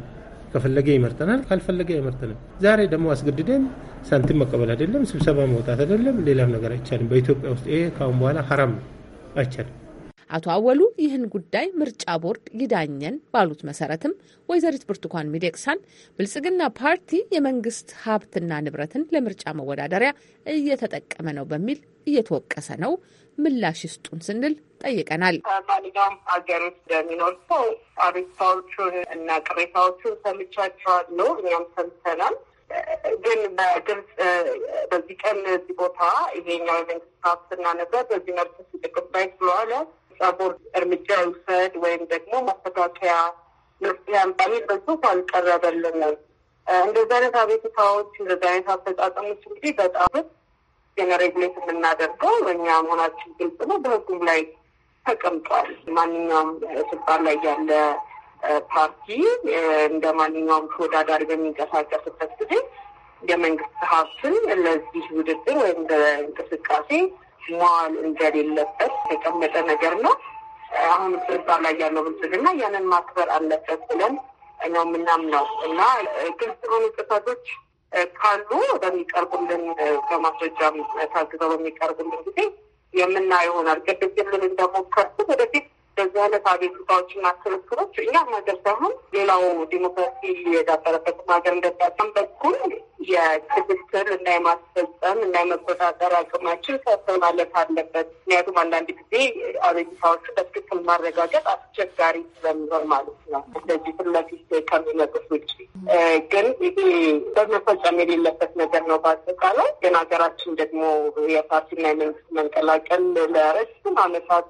ከፈለገ ይመርጠናል፣ ካልፈለገ አይመርጠንም። ዛሬ ደግሞ አስገድደን ሳንቲም መቀበል አይደለም፣ ስብሰባ መውጣት አይደለም፣ ሌላም ነገር አይቻልም። በኢትዮጵያ ውስጥ ይሄ ካሁን በኋላ ሀራም ነው፣ አይቻልም። አቶ አወሉ ይህን ጉዳይ ምርጫ ቦርድ ይዳኘን ባሉት መሰረትም ወይዘሪት ብርቱካን ሚደቅሳን ብልጽግና ፓርቲ የመንግስት ሀብትና ንብረትን ለምርጫ መወዳደሪያ እየተጠቀመ ነው በሚል እየተወቀሰ ነው ምላሽ ይስጡን ስንል ጠይቀናል። ከማንኛውም ሀገር ውስጥ የሚኖር ሰው አቤቱታዎቹን እና ቅሬታዎቹን ሰምቻቸዋለሁ፣ እኛም ሰምተናል። ግን በግልጽ በዚህ ቀን እዚህ ቦታ ይሄኛው የመንግስት ሀብትና ንብረት በዚህ መልኩ ሲጠቅባይ ስለዋለ ቦርድ እርምጃ ይውሰድ ወይም ደግሞ ማስተካከያ መፍትሄ አምባሚል በጽሁፍ አልቀረበልንም። እንደዚህ አይነት አቤቱታዎች እንደዚህ አይነት አፈጻጸሞች እንግዲህ በጣም ግን ሬጉሌት የምናደርገው እኛ መሆናችን ግልጽ ነው። በህጉም ላይ ተቀምጧል። ማንኛውም ስልጣን ላይ ያለ ፓርቲ እንደ ማንኛውም ተወዳዳሪ በሚንቀሳቀስበት ጊዜ የመንግስት ሀብትን ለዚህ ውድድር ወይም እንቅስቃሴ መዋል እንደሌለበት የተቀመጠ ነገር ነው። አሁን ስልጣን ላይ ያለው ብልጽግና ያንን ማክበር አለበት ብለን ነው የምናምነው እና ግልጽ የሆኑ ጥሰቶች ካሉ በሚቀርቡልን በማስረጃም ታግዘው በሚቀርቡልን ጊዜ የምናየው ይሆናል። ቅድም ግን ልንደሞከርኩ ወደፊት በዚህ አይነት እና ክርክሮች እኛ ሀገር ሳይሆን ሌላው ዲሞክራሲ የዳበረበት ሀገር እንደዳጣም በኩል የክትትል እና የማስፈጸም እና የመቆጣጠር አቅማችን ከፍ ማለት አለበት። ምክንያቱም አንዳንድ ጊዜ አቤቱታዎቹ በትክክል ማረጋገጥ አስቸጋሪ ስለሚሆን ማለት ነው። እንደዚህ ፊት ለፊት ከሚመጡት ውጭ ግን ይሄ በመፈጸም የሌለበት ነገር ነው። በአጠቃላይ ግን ሀገራችን ደግሞ የፓርቲና የመንግስት መንቀላቀል ለረጅም አመታት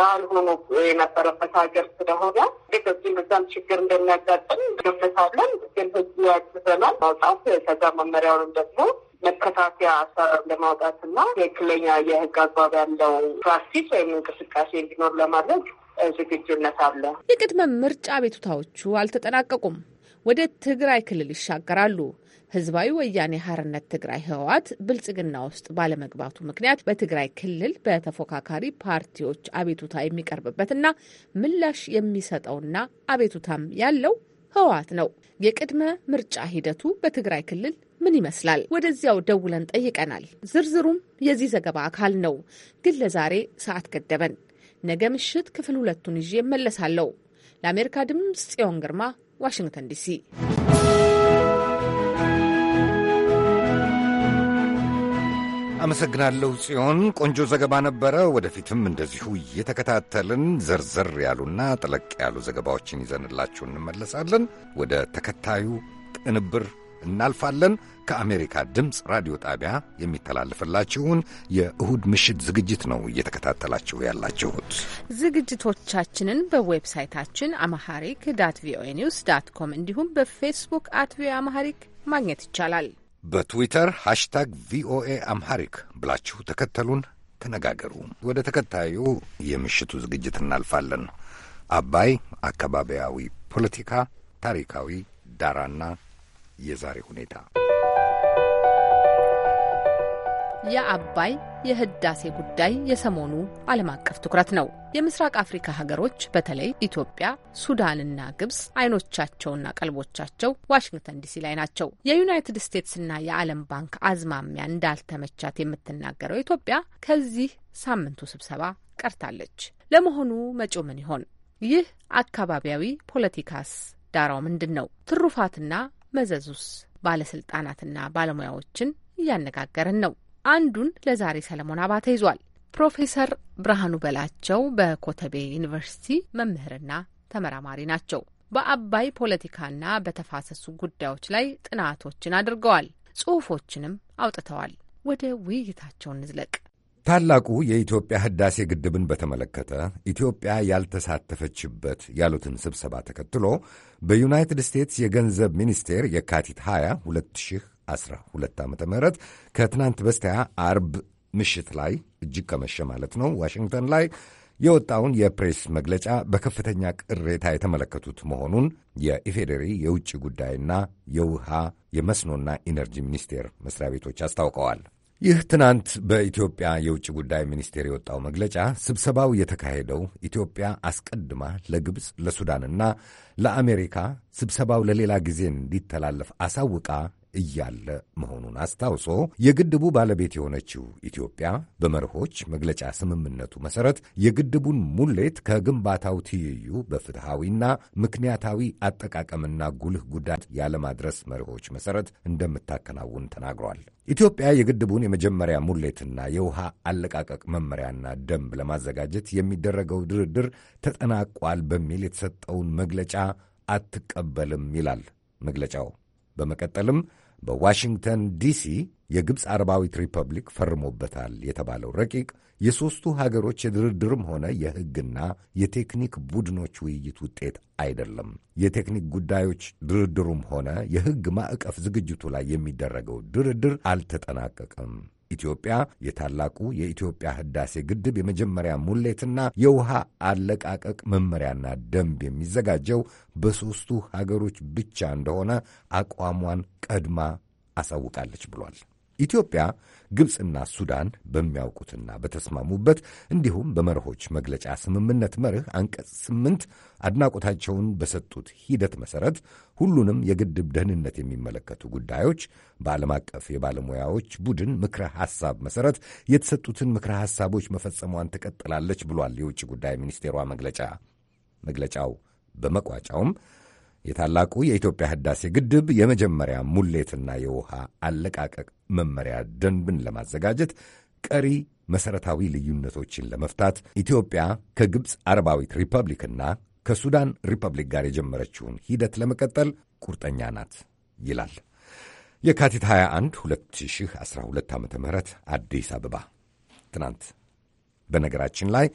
ባህል ሆኖ የነበረበት ሀገር ስለሆነ ቤተዚህም በዛም ችግር እንደሚያጋጥም ገምታለን። ግን ህዝቡ ያግዘናል ማውጣት ከዛ መመሪያውንም ደግሞ መከታተያ አሰራር ለማውጣት ለማውጣትና ትክክለኛ የህግ አግባብ ያለው ፕራክቲስ ወይም እንቅስቃሴ እንዲኖር ለማድረግ ዝግጁነት አለ። የቅድመ ምርጫ ቤቱታዎቹ አልተጠናቀቁም፣ ወደ ትግራይ ክልል ይሻገራሉ። ህዝባዊ ወያኔ ሀርነት ትግራይ ህወሓት ብልጽግና ውስጥ ባለመግባቱ ምክንያት በትግራይ ክልል በተፎካካሪ ፓርቲዎች አቤቱታ የሚቀርብበትና ምላሽ የሚሰጠውና አቤቱታም ያለው ህወሓት ነው። የቅድመ ምርጫ ሂደቱ በትግራይ ክልል ምን ይመስላል? ወደዚያው ደውለን ጠይቀናል። ዝርዝሩም የዚህ ዘገባ አካል ነው። ግን ለዛሬ ሰዓት ገደበን። ነገ ምሽት ክፍል ሁለቱን ይዤ እመለሳለሁ። ለአሜሪካ ድምፅ ጽዮን ግርማ ዋሽንግተን ዲሲ አመሰግናለሁ ጽዮን። ቆንጆ ዘገባ ነበረ። ወደፊትም እንደዚሁ እየተከታተልን ዘርዘር ያሉና ጠለቅ ያሉ ዘገባዎችን ይዘንላችሁ እንመለሳለን። ወደ ተከታዩ ቅንብር እናልፋለን። ከአሜሪካ ድምፅ ራዲዮ ጣቢያ የሚተላለፍላችሁን የእሁድ ምሽት ዝግጅት ነው እየተከታተላችሁ ያላችሁት። ዝግጅቶቻችንን በዌብሳይታችን አማሐሪክ ዳት ቪኦኤ ኒውስ ዳት ኮም እንዲሁም በፌስቡክ አት ቪኦኤ አማሐሪክ ማግኘት ይቻላል። በትዊተር ሃሽታግ ቪኦኤ አምሃሪክ ብላችሁ ተከተሉን፣ ተነጋገሩ። ወደ ተከታዩ የምሽቱ ዝግጅት እናልፋለን። አባይ አካባቢያዊ ፖለቲካ፣ ታሪካዊ ዳራና የዛሬ ሁኔታ የአባይ የህዳሴ ጉዳይ የሰሞኑ ዓለም አቀፍ ትኩረት ነው። የምስራቅ አፍሪካ ሀገሮች በተለይ ኢትዮጵያ፣ ሱዳንና ግብጽ አይኖቻቸውና ቀልቦቻቸው ዋሽንግተን ዲሲ ላይ ናቸው። የዩናይትድ ስቴትስና የዓለም ባንክ አዝማሚያ እንዳልተመቻት የምትናገረው ኢትዮጵያ ከዚህ ሳምንቱ ስብሰባ ቀርታለች። ለመሆኑ መጪው ምን ይሆን? ይህ አካባቢያዊ ፖለቲካስ ዳራው ምንድን ነው? ትሩፋትና መዘዙስ ባለስልጣናትና ባለሙያዎችን እያነጋገርን ነው። አንዱን ለዛሬ ሰለሞን አባተ ይዟል። ፕሮፌሰር ብርሃኑ በላቸው በኮተቤ ዩኒቨርሲቲ መምህርና ተመራማሪ ናቸው። በአባይ ፖለቲካና በተፋሰሱ ጉዳዮች ላይ ጥናቶችን አድርገዋል። ጽሑፎችንም አውጥተዋል። ወደ ውይይታቸው እንዝለቅ። ታላቁ የኢትዮጵያ ህዳሴ ግድብን በተመለከተ ኢትዮጵያ ያልተሳተፈችበት ያሉትን ስብሰባ ተከትሎ በዩናይትድ ስቴትስ የገንዘብ ሚኒስቴር የካቲት 20 2012 ዓ ም ከትናንት በስቲያ አርብ ምሽት ላይ እጅግ ከመሸ ማለት ነው ዋሽንግተን ላይ የወጣውን የፕሬስ መግለጫ በከፍተኛ ቅሬታ የተመለከቱት መሆኑን የኢፌዴሪ የውጭ ጉዳይና የውሃ የመስኖና ኢነርጂ ሚኒስቴር መስሪያ ቤቶች አስታውቀዋል። ይህ ትናንት በኢትዮጵያ የውጭ ጉዳይ ሚኒስቴር የወጣው መግለጫ ስብሰባው የተካሄደው ኢትዮጵያ አስቀድማ ለግብፅ፣ ለሱዳንና ለአሜሪካ ስብሰባው ለሌላ ጊዜ እንዲተላለፍ አሳውቃ እያለ መሆኑን አስታውሶ የግድቡ ባለቤት የሆነችው ኢትዮጵያ በመርሆች መግለጫ ስምምነቱ መሠረት የግድቡን ሙሌት ከግንባታው ትይዩ በፍትሐዊና ምክንያታዊ አጠቃቀምና ጉልህ ጉዳት ያለማድረስ መርሆች መሠረት እንደምታከናውን ተናግሯል። ኢትዮጵያ የግድቡን የመጀመሪያ ሙሌትና የውሃ አለቃቀቅ መመሪያና ደንብ ለማዘጋጀት የሚደረገው ድርድር ተጠናቋል በሚል የተሰጠውን መግለጫ አትቀበልም ይላል መግለጫው። በመቀጠልም በዋሽንግተን ዲሲ የግብፅ አረባዊት ሪፐብሊክ ፈርሞበታል የተባለው ረቂቅ የሦስቱ ሀገሮች የድርድርም ሆነ የሕግና የቴክኒክ ቡድኖች ውይይት ውጤት አይደለም። የቴክኒክ ጉዳዮች ድርድሩም ሆነ የሕግ ማዕቀፍ ዝግጅቱ ላይ የሚደረገው ድርድር አልተጠናቀቀም። ኢትዮጵያ የታላቁ የኢትዮጵያ ህዳሴ ግድብ የመጀመሪያ ሙሌትና የውሃ አለቃቀቅ መመሪያና ደንብ የሚዘጋጀው በሦስቱ ሀገሮች ብቻ እንደሆነ አቋሟን ቀድማ አሳውቃለች ብሏል። ኢትዮጵያ ግብፅና ሱዳን በሚያውቁትና በተስማሙበት እንዲሁም በመርሆች መግለጫ ስምምነት መርህ አንቀጽ ስምንት አድናቆታቸውን በሰጡት ሂደት መሠረት ሁሉንም የግድብ ደህንነት የሚመለከቱ ጉዳዮች በዓለም አቀፍ የባለሙያዎች ቡድን ምክረ ሐሳብ መሠረት የተሰጡትን ምክረ ሐሳቦች መፈጸሟን ትቀጥላለች ብሏል የውጭ ጉዳይ ሚኒስቴሯ መግለጫ። መግለጫው በመቋጫውም የታላቁ የኢትዮጵያ ህዳሴ ግድብ የመጀመሪያ ሙሌትና የውሃ አለቃቀቅ መመሪያ ደንብን ለማዘጋጀት ቀሪ መሠረታዊ ልዩነቶችን ለመፍታት ኢትዮጵያ ከግብፅ አረባዊት ሪፐብሊክና ከሱዳን ሪፐብሊክ ጋር የጀመረችውን ሂደት ለመቀጠል ቁርጠኛ ናት ይላል። የካቲት 21 2012 ዓ ም አዲስ አበባ። ትናንት በነገራችን ላይ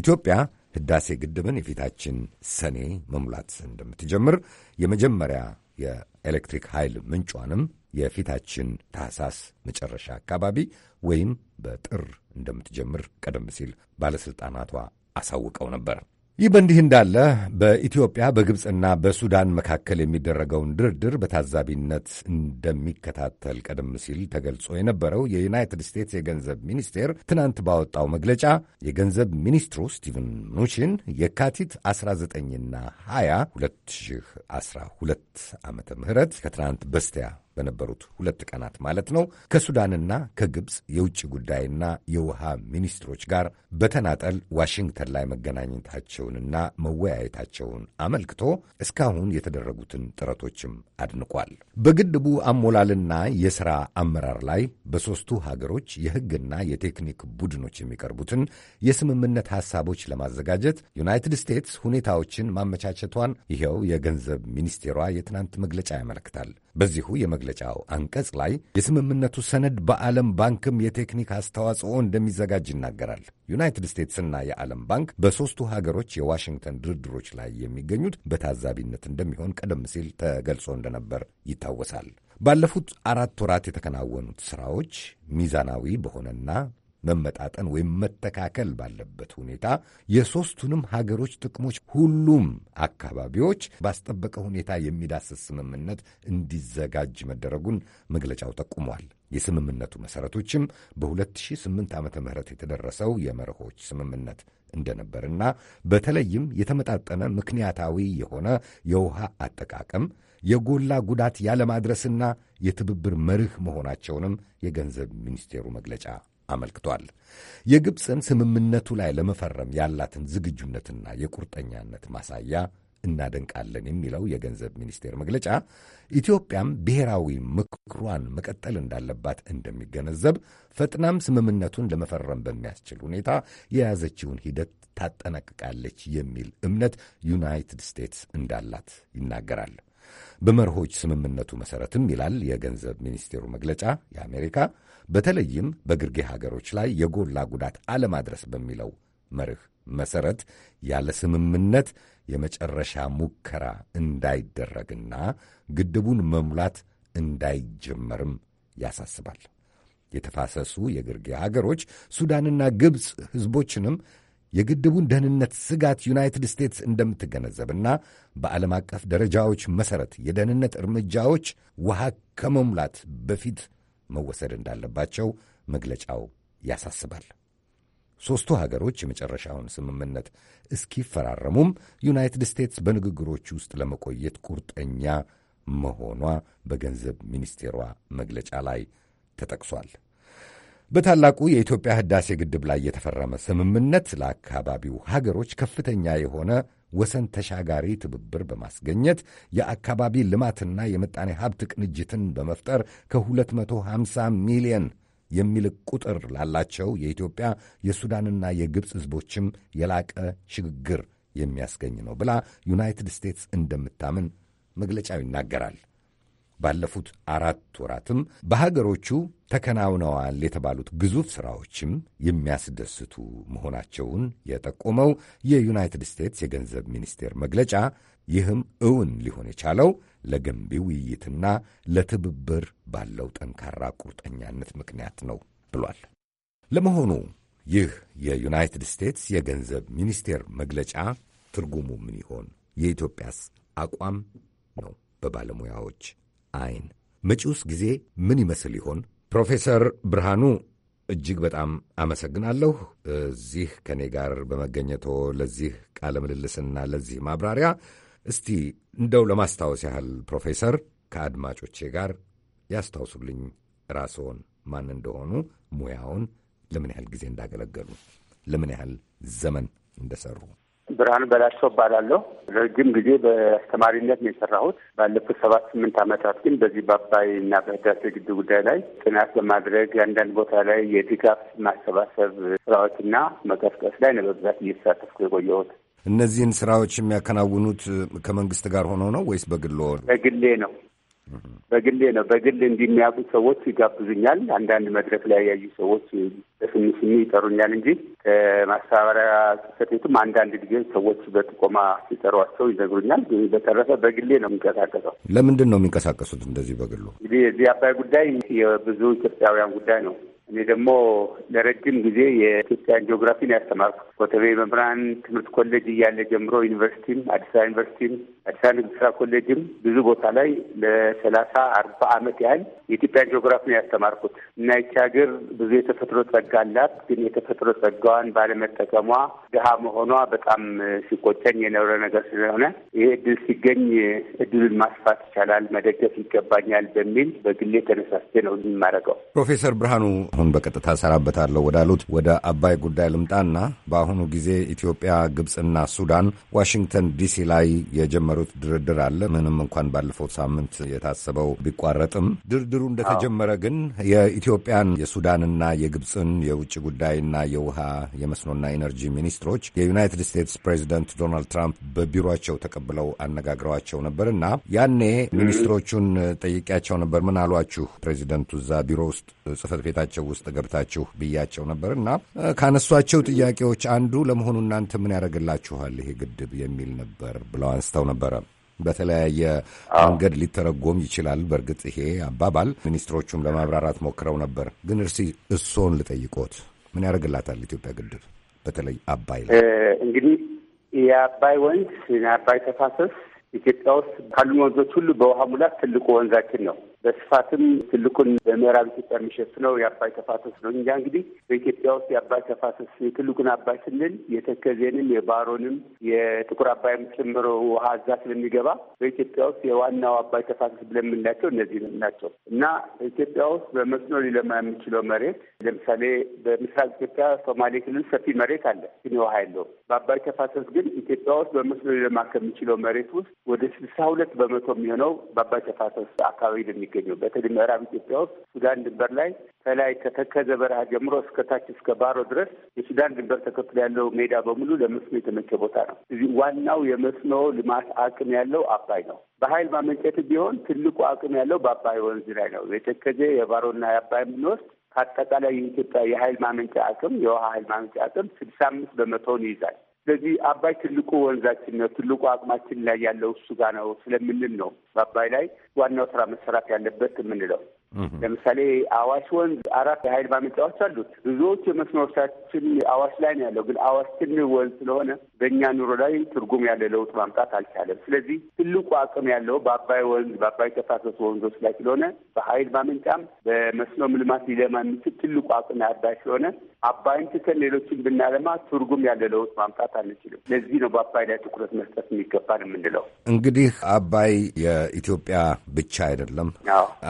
ኢትዮጵያ ህዳሴ ግድብን የፊታችን ሰኔ መሙላት እንደምትጀምር የመጀመሪያ የኤሌክትሪክ ኃይል ምንጯንም የፊታችን ታህሳስ መጨረሻ አካባቢ ወይም በጥር እንደምትጀምር ቀደም ሲል ባለሥልጣናቷ አሳውቀው ነበር። ይህ በእንዲህ እንዳለ በኢትዮጵያ በግብፅና በሱዳን መካከል የሚደረገውን ድርድር በታዛቢነት እንደሚከታተል ቀደም ሲል ተገልጾ የነበረው የዩናይትድ ስቴትስ የገንዘብ ሚኒስቴር ትናንት ባወጣው መግለጫ የገንዘብ ሚኒስትሩ ስቲቨን ኑቺን የካቲት 19ና 20 2012 ዓ ም ከትናንት በስቲያ በነበሩት ሁለት ቀናት ማለት ነው ከሱዳንና ከግብፅ የውጭ ጉዳይና የውሃ ሚኒስትሮች ጋር በተናጠል ዋሽንግተን ላይ መገናኘታቸውንና መወያየታቸውን አመልክቶ እስካሁን የተደረጉትን ጥረቶችም አድንቋል። በግድቡ አሞላልና የሥራ አመራር ላይ በሦስቱ ሀገሮች የሕግና የቴክኒክ ቡድኖች የሚቀርቡትን የስምምነት ሐሳቦች ለማዘጋጀት ዩናይትድ ስቴትስ ሁኔታዎችን ማመቻቸቷን ይኸው የገንዘብ ሚኒስቴሯ የትናንት መግለጫ ያመለክታል። በዚሁ የመግለጫው አንቀጽ ላይ የስምምነቱ ሰነድ በዓለም ባንክም የቴክኒክ አስተዋጽኦ እንደሚዘጋጅ ይናገራል። ዩናይትድ ስቴትስና የዓለም ባንክ በሦስቱ ሀገሮች የዋሽንግተን ድርድሮች ላይ የሚገኙት በታዛቢነት እንደሚሆን ቀደም ሲል ተገልጾ እንደነበር ይታወሳል። ባለፉት አራት ወራት የተከናወኑት ሥራዎች ሚዛናዊ በሆነና መመጣጠን ወይም መተካከል ባለበት ሁኔታ የሦስቱንም ሀገሮች ጥቅሞች ሁሉም አካባቢዎች ባስጠበቀ ሁኔታ የሚዳስስ ስምምነት እንዲዘጋጅ መደረጉን መግለጫው ጠቁሟል። የስምምነቱ መሠረቶችም በ2008 ዓ ም የተደረሰው የመርሆች ስምምነት እንደነበርና በተለይም የተመጣጠነ ምክንያታዊ የሆነ የውሃ አጠቃቀም የጎላ ጉዳት ያለማድረስና የትብብር መርህ መሆናቸውንም የገንዘብ ሚኒስቴሩ መግለጫ አመልክቷል። የግብፅን ስምምነቱ ላይ ለመፈረም ያላትን ዝግጁነትና የቁርጠኛነት ማሳያ እናደንቃለን የሚለው የገንዘብ ሚኒስቴር መግለጫ ኢትዮጵያም ብሔራዊ ምክሯን መቀጠል እንዳለባት እንደሚገነዘብ ፈጥናም ስምምነቱን ለመፈረም በሚያስችል ሁኔታ የያዘችውን ሂደት ታጠናቅቃለች የሚል እምነት ዩናይትድ ስቴትስ እንዳላት ይናገራል። በመርሆች ስምምነቱ መሠረትም ይላል የገንዘብ ሚኒስቴሩ መግለጫ የአሜሪካ በተለይም በግርጌ ሀገሮች ላይ የጎላ ጉዳት አለማድረስ በሚለው መርህ መሰረት ያለ ስምምነት የመጨረሻ ሙከራ እንዳይደረግና ግድቡን መሙላት እንዳይጀመርም ያሳስባል። የተፋሰሱ የግርጌ ሀገሮች ሱዳንና ግብፅ ሕዝቦችንም የግድቡን ደህንነት ስጋት ዩናይትድ ስቴትስ እንደምትገነዘብና በዓለም አቀፍ ደረጃዎች መሠረት የደህንነት እርምጃዎች ውሃ ከመሙላት በፊት መወሰድ እንዳለባቸው መግለጫው ያሳስባል። ሦስቱ ሀገሮች የመጨረሻውን ስምምነት እስኪፈራረሙም ዩናይትድ ስቴትስ በንግግሮች ውስጥ ለመቆየት ቁርጠኛ መሆኗ በገንዘብ ሚኒስቴሯ መግለጫ ላይ ተጠቅሷል። በታላቁ የኢትዮጵያ ሕዳሴ ግድብ ላይ የተፈረመ ስምምነት ለአካባቢው ሀገሮች ከፍተኛ የሆነ ወሰን ተሻጋሪ ትብብር በማስገኘት የአካባቢ ልማትና የምጣኔ ሀብት ቅንጅትን በመፍጠር ከ250 ሚሊየን የሚልቅ ቁጥር ላላቸው የኢትዮጵያ የሱዳንና የግብፅ ሕዝቦችም የላቀ ሽግግር የሚያስገኝ ነው ብላ ዩናይትድ ስቴትስ እንደምታምን መግለጫው ይናገራል። ባለፉት አራት ወራትም በሀገሮቹ ተከናውነዋል የተባሉት ግዙፍ ሥራዎችም የሚያስደስቱ መሆናቸውን የጠቆመው የዩናይትድ ስቴትስ የገንዘብ ሚኒስቴር መግለጫ ይህም እውን ሊሆን የቻለው ለገንቢ ውይይትና ለትብብር ባለው ጠንካራ ቁርጠኛነት ምክንያት ነው ብሏል። ለመሆኑ ይህ የዩናይትድ ስቴትስ የገንዘብ ሚኒስቴር መግለጫ ትርጉሙ ምን ይሆን? የኢትዮጵያስ አቋም ነው በባለሙያዎች አይን መጪውስ ጊዜ ምን ይመስል ይሆን? ፕሮፌሰር ብርሃኑ እጅግ በጣም አመሰግናለሁ እዚህ ከእኔ ጋር በመገኘቶ ለዚህ ቃለ ምልልስና ለዚህ ማብራሪያ። እስቲ እንደው ለማስታወስ ያህል ፕሮፌሰር ከአድማጮቼ ጋር ያስታውሱልኝ ራስዎን፣ ማን እንደሆኑ፣ ሙያውን፣ ለምን ያህል ጊዜ እንዳገለገሉ፣ ለምን ያህል ዘመን እንደሰሩ። ብርሃን በላቸው እባላለሁ። ረጅም ጊዜ በአስተማሪነት ነው የሰራሁት። ባለፉት ሰባት ስምንት ዓመታት ግን በዚህ በአባይ እና በህዳሴ ግድብ ጉዳይ ላይ ጥናት በማድረግ አንዳንድ ቦታ ላይ የድጋፍ ማሰባሰብ ስራዎችና መቀስቀስ ላይ ነው በብዛት እየተሳተፍኩ የቆየሁት። እነዚህን ስራዎች የሚያከናውኑት ከመንግስት ጋር ሆነው ነው ወይስ በግሎ? በግሌ ነው በግሌ ነው በግል እንዲሚያውቁት ሰዎች ይጋብዙኛል። አንዳንድ መድረክ ላይ ያዩ ሰዎች በስሚ ይጠሩኛል እንጂ ከማስተባበሪያ ጽሕፈት ቤቱም አንዳንድ ጊዜ ሰዎች በጥቆማ ሲጠሯቸው ይነግሩኛል። በተረፈ በግሌ ነው የሚንቀሳቀሰው። ለምንድን ነው የሚንቀሳቀሱት እንደዚህ በግሉ? እንግዲህ የዚህ አባይ ጉዳይ የብዙ ኢትዮጵያውያን ጉዳይ ነው። እኔ ደግሞ ለረጅም ጊዜ የኢትዮጵያን ጂኦግራፊን ያስተማርኩ ኮተቤ መምህራን ትምህርት ኮሌጅ እያለ ጀምሮ ዩኒቨርሲቲም አዲስ አበባ ዩኒቨርሲቲም አዲስ አበባ ንግሥራ ኮሌጅም ብዙ ቦታ ላይ ለሰላሳ አርባ ዓመት ያህል የኢትዮጵያን ጂኦግራፊ ነው ያስተማርኩት እና ይቺ ሀገር ብዙ የተፈጥሮ ጸጋ አላት። ግን የተፈጥሮ ጸጋዋን ባለመጠቀሟ ድሀ መሆኗ በጣም ሲቆጨኝ የኖረ ነገር ስለሆነ ይሄ እድል ሲገኝ እድሉን ማስፋት ይቻላል፣ መደገፍ ይገባኛል በሚል በግሌ ተነሳስቼ ነው የማደርገው። ፕሮፌሰር ብርሃኑ አሁን በቀጥታ ሰራበታለሁ ወዳሉት ወደ አባይ ጉዳይ ልምጣና በአሁኑ ጊዜ ኢትዮጵያ፣ ግብፅና ሱዳን ዋሽንግተን ዲሲ ላይ የጀመሩ የጀመሩት ድርድር አለ። ምንም እንኳን ባለፈው ሳምንት የታሰበው ቢቋረጥም ድርድሩ እንደተጀመረ ግን የኢትዮጵያን የሱዳንና የግብፅን የውጭ ጉዳይና የውሃ የመስኖና ኢነርጂ ሚኒስትሮች የዩናይትድ ስቴትስ ፕሬዚደንት ዶናልድ ትራምፕ በቢሮቸው ተቀብለው አነጋግረዋቸው ነበር እና ያኔ ሚኒስትሮቹን ጠይቄያቸው ነበር። ምን አሏችሁ ፕሬዚደንቱ እዛ ቢሮ ውስጥ ጽህፈት ቤታቸው ውስጥ ገብታችሁ ብያቸው ነበር እና ካነሷቸው ጥያቄዎች አንዱ ለመሆኑ እናንተ ምን ያደርግላችኋል ይሄ ግድብ የሚል ነበር ብለው አንስተው ነበር። ነበረ። በተለያየ መንገድ ሊተረጎም ይችላል። በእርግጥ ይሄ አባባል ሚኒስትሮቹም ለማብራራት ሞክረው ነበር። ግን እርሲ እሶን ልጠይቆት ምን ያደርግላታል ኢትዮጵያ ግድብ በተለይ አባይ ላይ እንግዲህ የአባይ ወንዝ የአባይ ተፋሰስ ኢትዮጵያ ውስጥ ካሉ ወንዞች ሁሉ በውሃ ሙላት ትልቁ ወንዛችን ነው። በስፋትም ትልቁን በምዕራብ ኢትዮጵያ የሚሸፍነው የአባይ ተፋሰስ ነው። እኛ እንግዲህ በኢትዮጵያ ውስጥ የአባይ ተፋሰስ ትልቁን አባይ ስንል የተከዜንም የባሮንም የጥቁር አባይም ጨምሮ ውሃ እዛ ስለሚገባ በኢትዮጵያ ውስጥ የዋናው አባይ ተፋሰስ ብለን የምንላቸው እነዚህ ናቸው እና ኢትዮጵያ ውስጥ በመስኖ ሊለማ የምንችለው መሬት ለምሳሌ በምስራቅ ኢትዮጵያ ሶማሌ ክልል ሰፊ መሬት አለ፣ ግን ውሃ የለውም። በአባይ ተፋሰስ ግን ኢትዮጵያ ውስጥ በመስኖ ሊለማ ከሚችለው መሬት ውስጥ ወደ ስልሳ ሁለት በመቶ የሚሆነው በአባይ ተፋሰስ አካባቢ የሚገኘው በተለይ ምዕራብ ኢትዮጵያ ውስጥ ሱዳን ድንበር ላይ ከላይ ከተከዘ በረሃ ጀምሮ እስከ ታች እስከ ባሮ ድረስ የሱዳን ድንበር ተከትሎ ያለው ሜዳ በሙሉ ለመስኖ የተመቸ ቦታ ነው። እዚህ ዋናው የመስኖ ልማት አቅም ያለው አባይ ነው። በኃይል ማመንጨት ቢሆን ትልቁ አቅም ያለው በአባይ ወንዝ ላይ ነው። የተከዘ የባሮና የአባይ የምንወስድ ከአጠቃላይ የኢትዮጵያ የኃይል ማመንጫ አቅም የውሃ ኃይል ማመንጫ አቅም ስልሳ አምስት በመቶውን ይይዛል። ስለዚህ አባይ ትልቁ ወንዛችን ነው፣ ትልቁ አቅማችን ላይ ያለው እሱ ጋር ነው ስለምንል ነው በአባይ ላይ ዋናው ስራ መሰራት ያለበት የምንለው። ለምሳሌ አዋሽ ወንዝ አራት የሀይል ማመንጫዎች አሉት። ብዙዎቹ የመስኖ እርሻችን አዋሽ ላይ ነው ያለው፣ ግን አዋሽ ትን ወንዝ ስለሆነ በእኛ ኑሮ ላይ ትርጉም ያለ ለውጥ ማምጣት አልቻለም። ስለዚህ ትልቁ አቅም ያለው በአባይ ወንዝ በአባይ ተፋሰሱ ወንዞች ላይ ስለሆነ በሀይል ማመንጫም በመስኖም ልማት ሊለማ የሚችል ትልቁ አቅም አባይ ስለሆነ አባይን ትተን ሌሎችን ብናለማ ትርጉም ያለ ለውጥ ማምጣት አንችልም። ለዚህ ነው በአባይ ላይ ትኩረት መስጠት የሚገባን የምንለው። እንግዲህ አባይ የኢትዮጵያ ብቻ አይደለም።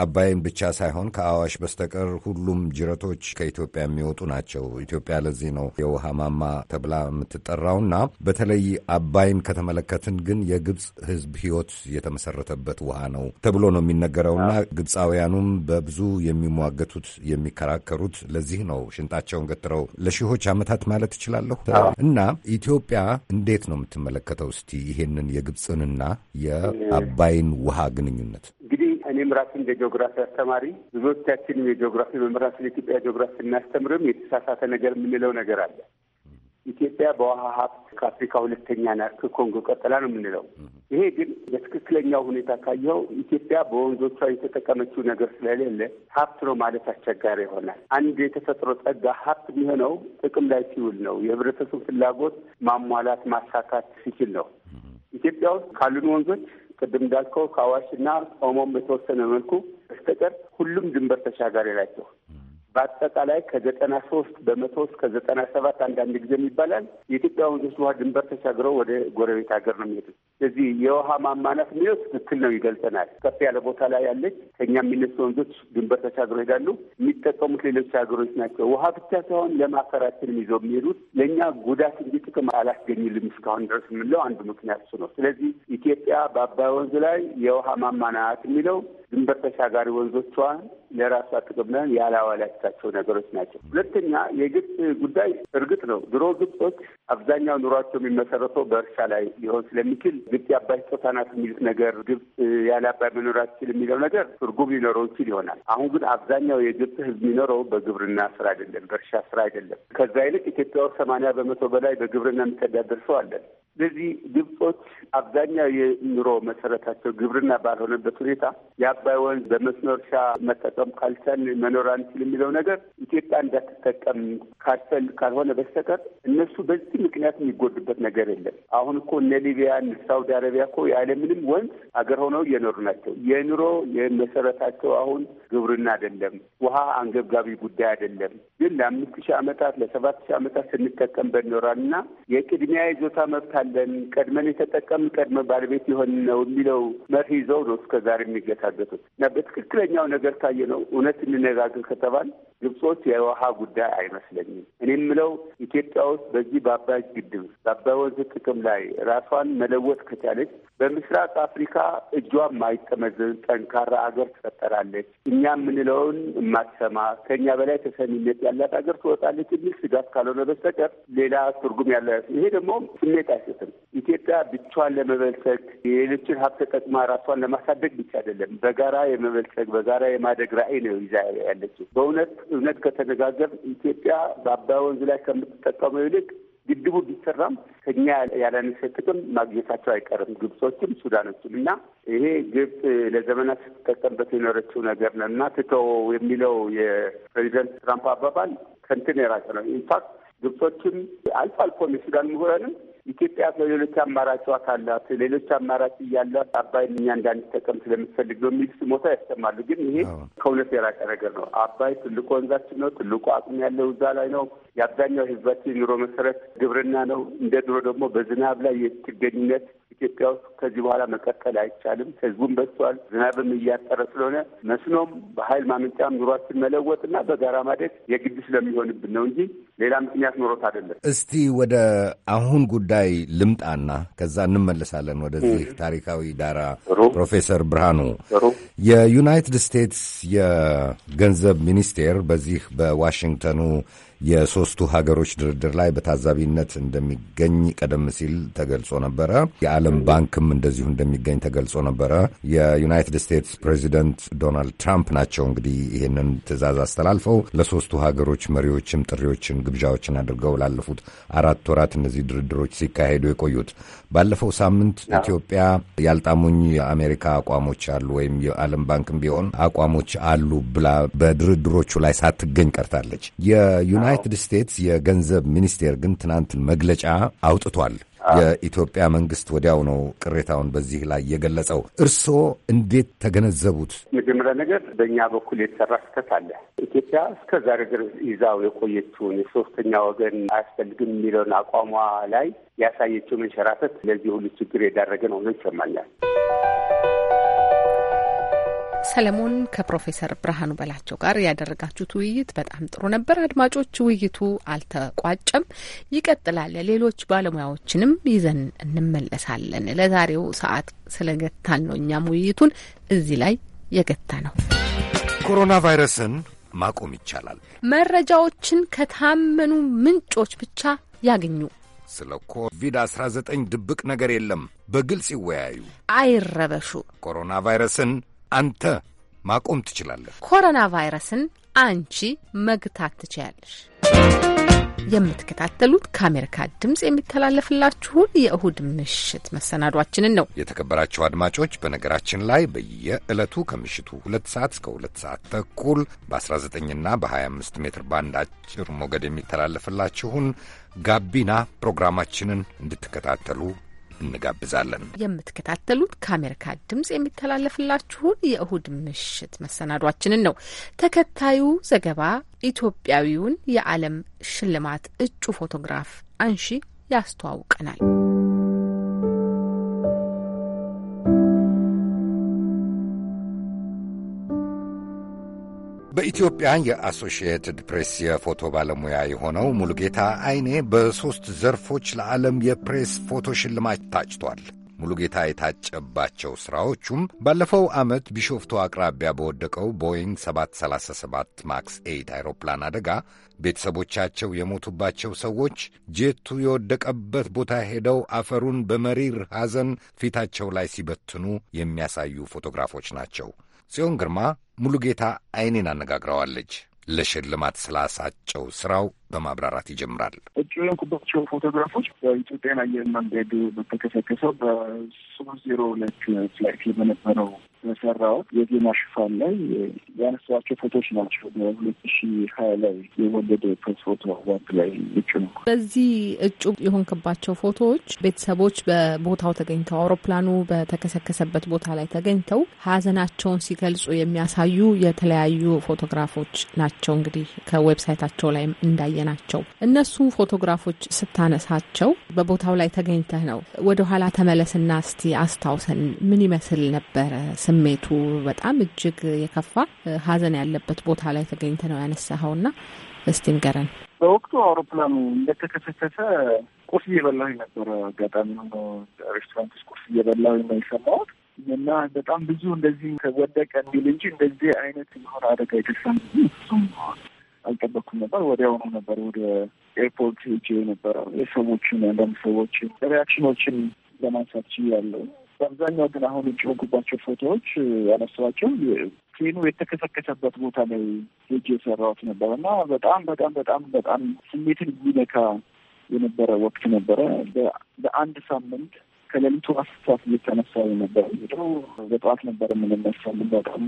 አባይን ብቻ ሳይሆን ከአዋሽ በስተቀር ሁሉም ጅረቶች ከኢትዮጵያ የሚወጡ ናቸው። ኢትዮጵያ ለዚህ ነው የውሃ ማማ ተብላ የምትጠራውና በተለይ አባይን ከተመለከትን ግን የግብፅ ሕዝብ ሕይወት የተመሰረተበት ውሃ ነው ተብሎ ነው የሚነገረውና ግብፃውያኑም በብዙ የሚሟገቱት የሚከራከሩት ለዚህ ነው ሽንጣቸውን የሚፈጥረው ለሺዎች ዓመታት ማለት እችላለሁ። እና ኢትዮጵያ እንዴት ነው የምትመለከተው? እስቲ ይሄንን የግብፅንና የአባይን ውሃ ግንኙነት እንግዲህ እኔም ራሴ እንደ ጂኦግራፊ አስተማሪ ብዙዎቻችንም የጂኦግራፊ መምህራን ስለ ኢትዮጵያ ጂኦግራፊ ስናስተምርም የተሳሳተ ነገር የምንለው ነገር አለ ኢትዮጵያ በውሃ ሀብት ከአፍሪካ ሁለተኛ ና ከኮንጎ ቀጥላ ነው የምንለው። ይሄ ግን በትክክለኛው ሁኔታ ካየኸው ኢትዮጵያ በወንዞቿ የተጠቀመችው ነገር ስለሌለ ሀብት ነው ማለት አስቸጋሪ ይሆናል። አንድ የተፈጥሮ ጸጋ ሀብት የሚሆነው ጥቅም ላይ ሲውል ነው፣ የህብረተሰቡ ፍላጎት ማሟላት ማሳካት ሲችል ነው። ኢትዮጵያ ውስጥ ካሉን ወንዞች ቅድም እንዳልከው ከአዋሽና ኦሞም በተወሰነ መልኩ በስተቀር ሁሉም ድንበር ተሻጋሪ ናቸው። በአጠቃላይ ከዘጠና ሶስት በመቶ እስከ ዘጠና ሰባት አንዳንድ ጊዜም ይባላል የኢትዮጵያ ወንዞች ውሃ ድንበር ተሻግረው ወደ ጎረቤት ሀገር ነው የሚሄዱት። ስለዚህ የውሃ ማማናት የሚለው ትክክል ነው፣ ይገልጸናል። ከፍ ያለ ቦታ ላይ ያለች ከኛ የሚነሱ ወንዞች ድንበር ተሻግረው ይሄዳሉ። የሚጠቀሙት ሌሎች ሀገሮች ናቸው። ውሃ ብቻ ሳይሆን ለማፈራችንም ይዘው የሚሄዱት ለእኛ ጉዳት እንጂ ጥቅም አላስገኝልም እስካሁን ድረስ የምንለው አንዱ ምክንያት እሱ ነው። ስለዚህ ኢትዮጵያ በአባይ ወንዝ ላይ የውሃ ማማናት የሚለው ድንበር ተሻጋሪ ወንዞቿን ለራሷ ጥቅም ያላዋላች የምናነሳቸው ነገሮች ናቸው። ሁለተኛ የግብፅ ጉዳይ እርግጥ ነው ድሮ ግብጾች አብዛኛው ኑሯቸው የሚመሰረተው በእርሻ ላይ ሊሆን ስለሚችል ግብፅ የአባይ ስጦታ ናት የሚሉት ነገር ግብፅ ያለ አባይ መኖር አትችል የሚለው ነገር ትርጉም ሊኖረው ይችል ይሆናል። አሁን ግን አብዛኛው የግብፅ ህዝብ የሚኖረው በግብርና ስራ አይደለም፣ በእርሻ ስራ አይደለም። ከዛ ይልቅ ኢትዮጵያ ውስጥ ሰማንያ በመቶ በላይ በግብርና የሚተዳደር ሰው አለን። ስለዚህ ግብጾች አብዛኛው የኑሮ መሰረታቸው ግብርና ባልሆነበት ሁኔታ የአባይ ወንዝ በመስኖ እርሻ መጠቀም ካልቻል መኖር አንችል የሚለው ነገር ኢትዮጵያ እንዳትጠቀም ካልፈል ካልሆነ በስተቀር እነሱ በዚህ ምክንያት የሚጎዱበት ነገር የለም። አሁን እኮ እነ ሊቢያ እነ ሳውዲ አረቢያ እኮ ያለምንም ወንዝ አገር ሆነው እየኖሩ ናቸው። የኑሮ የመሰረታቸው አሁን ግብርና አይደለም፣ ውሃ አንገብጋቢ ጉዳይ አይደለም። ግን ለአምስት ሺህ ዓመታት ለሰባት ሺህ ዓመታት ስንጠቀምበት በኖራል እና የቅድሚያ ይዞታ መብት አለን ቀድመን የተጠቀምን ቀድመ ባለቤት የሆን ነው የሚለው መርህ ይዘው ነው እስከዛሬ የሚገታገቱት እና በትክክለኛው ነገር ካየ ነው እውነት እንነጋገር ከተባል ግብጾች የውሃ ጉዳይ አይመስለኝም። እኔ የምለው ኢትዮጵያ ውስጥ በዚህ በአባይ ግድብ በአባይ ወንዝ ጥቅም ላይ ራሷን መለወጥ ከቻለች በምስራቅ አፍሪካ እጇ ማይጠመዘን ጠንካራ አገር ትፈጠራለች። እኛ የምንለውን የማትሰማ ከእኛ በላይ ተሰሚነት ያላት አገር ትወጣለች የሚል ስጋት ካልሆነ በስተቀር ሌላ ትርጉም ያለ ይሄ ደግሞ ስሜት አይሰጥም። ኢትዮጵያ ብቻዋን ለመበልጸግ የሌሎችን ሀብት ተጠቅማ ራሷን ለማሳደግ ብቻ አይደለም፣ በጋራ የመበልጸግ በጋራ የማደግ ራዕይ ነው ይዛ ያለችው በእውነት እውነት ከተነጋገር ኢትዮጵያ በአባይ ወንዝ ላይ ከምትጠቀመው ይልቅ ግድቡ ቢሰራም ከኛ ያላነሰ ጥቅም ማግኘታቸው አይቀርም ግብጾችም ሱዳኖችም። እና ይሄ ግብጽ ለዘመናት ስትጠቀምበት የኖረችው ነገር ነው እና ትቶ የሚለው የፕሬዚደንት ትራምፕ አባባል ከንትን የራቀ ነው። ኢንፋክት ግብጾችም አልፎ አልፎም የሱዳን ምሁራንም ኢትዮጵያ ሌሎች አማራጭ አላት ሌሎች አማራጭ እያላት አባይን እኛ እንዳንጠቀም ስለምትፈልግ ነው የሚል ስሞታ ያሰማሉ። ግን ይሄ ከእውነት የራቀ ነገር ነው። አባይ ትልቁ ወንዛችን ነው። ትልቁ አቅም ያለው እዛ ላይ ነው። የአብዛኛው ህዝባችን የኑሮ መሰረት ግብርና ነው። እንደ ድሮ ደግሞ በዝናብ ላይ የትገኝነት ኢትዮጵያ ውስጥ ከዚህ በኋላ መቀጠል አይቻልም። ሕዝቡም በዝቷል። ዝናብም እያጠረ ስለሆነ መስኖም በኃይል ማመንጫም ኑሯችን መለወጥ እና በጋራ ማደግ የግድ ስለሚሆንብን ነው እንጂ ሌላ ምክንያት ኖሮት አይደለም። እስቲ ወደ አሁን ጉዳይ ልምጣና ከዛ እንመለሳለን ወደዚህ ታሪካዊ ዳራ። ፕሮፌሰር ብርሃኑ የዩናይትድ ስቴትስ የገንዘብ ሚኒስቴር በዚህ በዋሽንግተኑ የሶስቱ ሀገሮች ድርድር ላይ በታዛቢነት እንደሚገኝ ቀደም ሲል ተገልጾ ነበረ። የዓለም ባንክም እንደዚሁ እንደሚገኝ ተገልጾ ነበረ። የዩናይትድ ስቴትስ ፕሬዚደንት ዶናልድ ትራምፕ ናቸው እንግዲህ ይህንን ትዕዛዝ አስተላልፈው ለሶስቱ ሀገሮች መሪዎችም ጥሪዎችን ግብዣዎችን አድርገው ላለፉት አራት ወራት እነዚህ ድርድሮች ሲካሄዱ የቆዩት። ባለፈው ሳምንት ኢትዮጵያ ያልጣሙኝ የአሜሪካ አቋሞች አሉ ወይም የዓለም ባንክም ቢሆን አቋሞች አሉ ብላ በድርድሮቹ ላይ ሳትገኝ ቀርታለች። የዩናይትድ ስቴትስ የገንዘብ ሚኒስቴር ግን ትናንት መግለጫ አውጥቷል። የኢትዮጵያ መንግስት ወዲያው ነው ቅሬታውን በዚህ ላይ የገለጸው። እርስዎ እንዴት ተገነዘቡት? መጀመሪያ ነገር በእኛ በኩል የተሰራ ስህተት አለ። ኢትዮጵያ እስከ ዛሬ ድረስ ይዛው የቆየችውን የሶስተኛ ወገን አያስፈልግም የሚለውን አቋሟ ላይ ያሳየችው መንሸራተት ለዚህ ሁሉ ችግር የዳረገ ነው ሆኖ ይሰማኛል። ሰለሞን ከፕሮፌሰር ብርሃኑ በላቸው ጋር ያደረጋችሁት ውይይት በጣም ጥሩ ነበር። አድማጮች፣ ውይይቱ አልተቋጨም፣ ይቀጥላል። ሌሎች ባለሙያዎችንም ይዘን እንመለሳለን። ለዛሬው ሰዓት ስለገታል ነው እኛም ውይይቱን እዚህ ላይ የገታ ነው። ኮሮና ቫይረስን ማቆም ይቻላል። መረጃዎችን ከታመኑ ምንጮች ብቻ ያገኙ። ስለ ኮቪድ-19 ድብቅ ነገር የለም። በግልጽ ይወያዩ፣ አይረበሹ። ኮሮና ቫይረስን አንተ ማቆም ትችላለህ። ኮሮና ቫይረስን አንቺ መግታት ትችያለሽ። የምትከታተሉት ከአሜሪካ ድምፅ የሚተላለፍላችሁን የእሁድ ምሽት መሰናዷችንን ነው። የተከበራችሁ አድማጮች፣ በነገራችን ላይ በየዕለቱ ከምሽቱ ሁለት ሰዓት እስከ ሁለት ሰዓት ተኩል በ19ና በ25 ሜትር ባንድ አጭር ሞገድ የሚተላለፍላችሁን ጋቢና ፕሮግራማችንን እንድትከታተሉ እንጋብዛለን። የምትከታተሉት ከአሜሪካ ድምጽ የሚተላለፍላችሁን የእሁድ ምሽት መሰናዷችንን ነው። ተከታዩ ዘገባ ኢትዮጵያዊውን የዓለም ሽልማት እጩ ፎቶግራፍ አንሺ ያስተዋውቀናል። በኢትዮጵያ የአሶሺየትድ ፕሬስ የፎቶ ባለሙያ የሆነው ሙሉጌታ አይኔ በሦስት ዘርፎች ለዓለም የፕሬስ ፎቶ ሽልማት ታጭቷል። ሙሉጌታ የታጨባቸው ሥራዎቹም ባለፈው ዓመት ቢሾፍቱ አቅራቢያ በወደቀው ቦይንግ 737 ማክስ 8 አይሮፕላን አደጋ ቤተሰቦቻቸው የሞቱባቸው ሰዎች ጄቱ የወደቀበት ቦታ ሄደው አፈሩን በመሪር ሐዘን ፊታቸው ላይ ሲበትኑ የሚያሳዩ ፎቶግራፎች ናቸው። ጽዮን ግርማ ሙሉጌታ አይኔን አነጋግረዋለች። ለሽልማት ስላሳጨው ስራው በማብራራት ይጀምራል። እጩ የሆንኩባቸው ፎቶግራፎች በኢትዮጵያን አየር መንገድ በተከሰከሰው በሶስት ዜሮ ሁለት ፍላይት በነበረው በሰራው የዜና ሽፋን ላይ ያነሷቸው ፎቶች ናቸው። በሁለት ሺ ሀያ ላይ የወለደ ፕሬስ ፎቶ አዋርድ ላይ እጩ ነው። በዚህ እጩ የሆንክባቸው ፎቶዎች ቤተሰቦች በቦታው ተገኝተው አውሮፕላኑ በተከሰከሰበት ቦታ ላይ ተገኝተው ሀዘናቸውን ሲገልጹ የሚያሳዩ የተለያዩ ፎቶግራፎች ናቸው። እንግዲህ ከዌብሳይታቸው ላይ እንዳየናቸው እነሱን ፎቶግራፎች ስታነሳቸው በቦታው ላይ ተገኝተህ ነው። ወደኋላ ተመለስና እስቲ አስታውሰን ምን ይመስል ነበረ? ስሜቱ በጣም እጅግ የከፋ ሀዘን ያለበት ቦታ ላይ ተገኝተ ነው ያነሳኸው እና እስቲ ንገረን። በወቅቱ አውሮፕላኑ እንደተከሰከሰ ቁርስ እየበላሁ ነበረ። አጋጣሚ ሆኖ ሬስቶራንት ውስጥ ቁርስ እየበላሁ ነው የሰማሁት እና በጣም ብዙ እንደዚህ ወደቀ የሚል እንጂ እንደዚህ አይነት የሆነ አደጋ የደረሰም እሱም አልጠበኩም ነበር። ወዲያውኑ ነበር ወደ ኤርፖርት ሄጄ ነበረ የሰዎችን አንዳንድ ሰዎችን ሪያክሽኖችን ለማንሳት ችያለሁ። በአብዛኛው ግን አሁን ሆንኩባቸው ፎቶዎች ያነሷቸው ፊልሙ የተከሰከሰበት ቦታ ላይ ሄጅ የሰራሁት ነበር እና በጣም በጣም በጣም በጣም ስሜትን የሚነካ የነበረ ወቅት ነበረ። በአንድ ሳምንት ከሌሊቱ አስር ሰዓት እየተነሳ ነበር ሄደው በጠዋት ነበር የምንነሳው። በጣም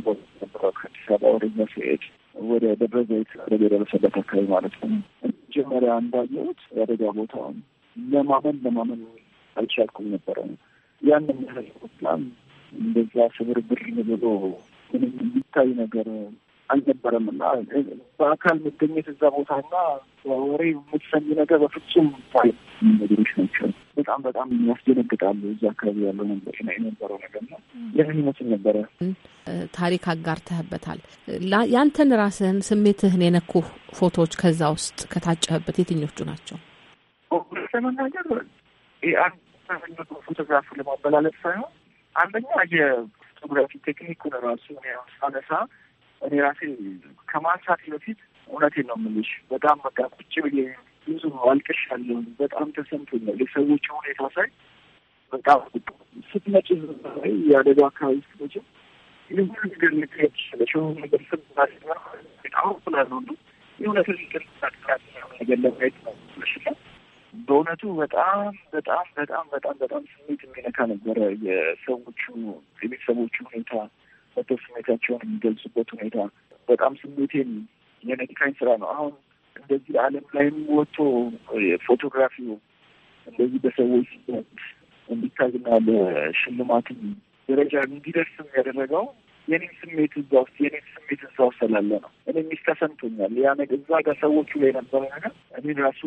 ነበረ ከአዲስ አበባ ወደኛ ሲሄድ ወደ ደብረ ዘይት አደጋ የደረሰበት አካባቢ ማለት ነው። መጀመሪያ እንዳየሁት የአደጋ ቦታውን ለማመን ለማመን አልቻልኩም ነበረ። ያን ያህል በጣም እንደዚያ ሽብርብር ብሎ ምንም የሚታይ ነገር አልነበረም እና በአካል መገኘት እዛ ቦታ እና ወሬ የምትሰሚ ነገር በፍጹም ይ ነገሮች ናቸው። በጣም በጣም ያስደነግጣሉ። እዛ አካባቢ ያለው ነበር የነበረው ነገር ነው። ያን ይመስል ነበረ። ታሪክ አጋርተህበታል። ያንተን ራስህን ስሜትህን የነኩ ፎቶዎች ከዛ ውስጥ ከታጨህበት የትኞቹ ናቸው? ለመናገር አንድ የሚወጡ ፎቶግራፍ ለማበላለጥ ሳይሆን አንደኛ የፎቶግራፊ ቴክኒኩን ራሱ ሳነሳ እኔ ራሴ ከማንሳት በፊት እውነቴን ነው የምልሽ በጣም በቃ ቁጭ ብዬ ብዙ አልቅሽ ያለውን በጣም ተሰምቶኛል። የሰዎች ሁኔታ ሳይ በጣም ስትመጪ የአደጋ አካባቢ ስትመጪ ይህ ሁሉ ነገር ልትሄድ ይችላለሽ የሆኑ ነገር ስብናሁ ላሉ የእውነት ነገር ለማየት ነው ስለሽላል በእውነቱ በጣም በጣም በጣም በጣም በጣም ስሜት የሚነካ ነበረ። የሰዎቹ የቤተሰቦቹ ሁኔታ መቶ ስሜታቸውን የሚገልጹበት ሁኔታ በጣም ስሜቴን የነካኝ ስራ ነው። አሁን እንደዚህ ዓለም ላይም ወጥቶ ፎቶግራፊው እንደዚህ በሰዎች እንዲታይና ለሽልማትም ደረጃ እንዲደርስም ያደረገው የኔም ስሜት እዛ ውስጥ የኔም ስሜት እዛ ውስጥ ስላለ ነው። እኔ ሚስ ተሰምቶኛል። ያ ነገር እዛ ጋር ሰዎቹ ላይ ነበረ ነገር እኔን ራሱ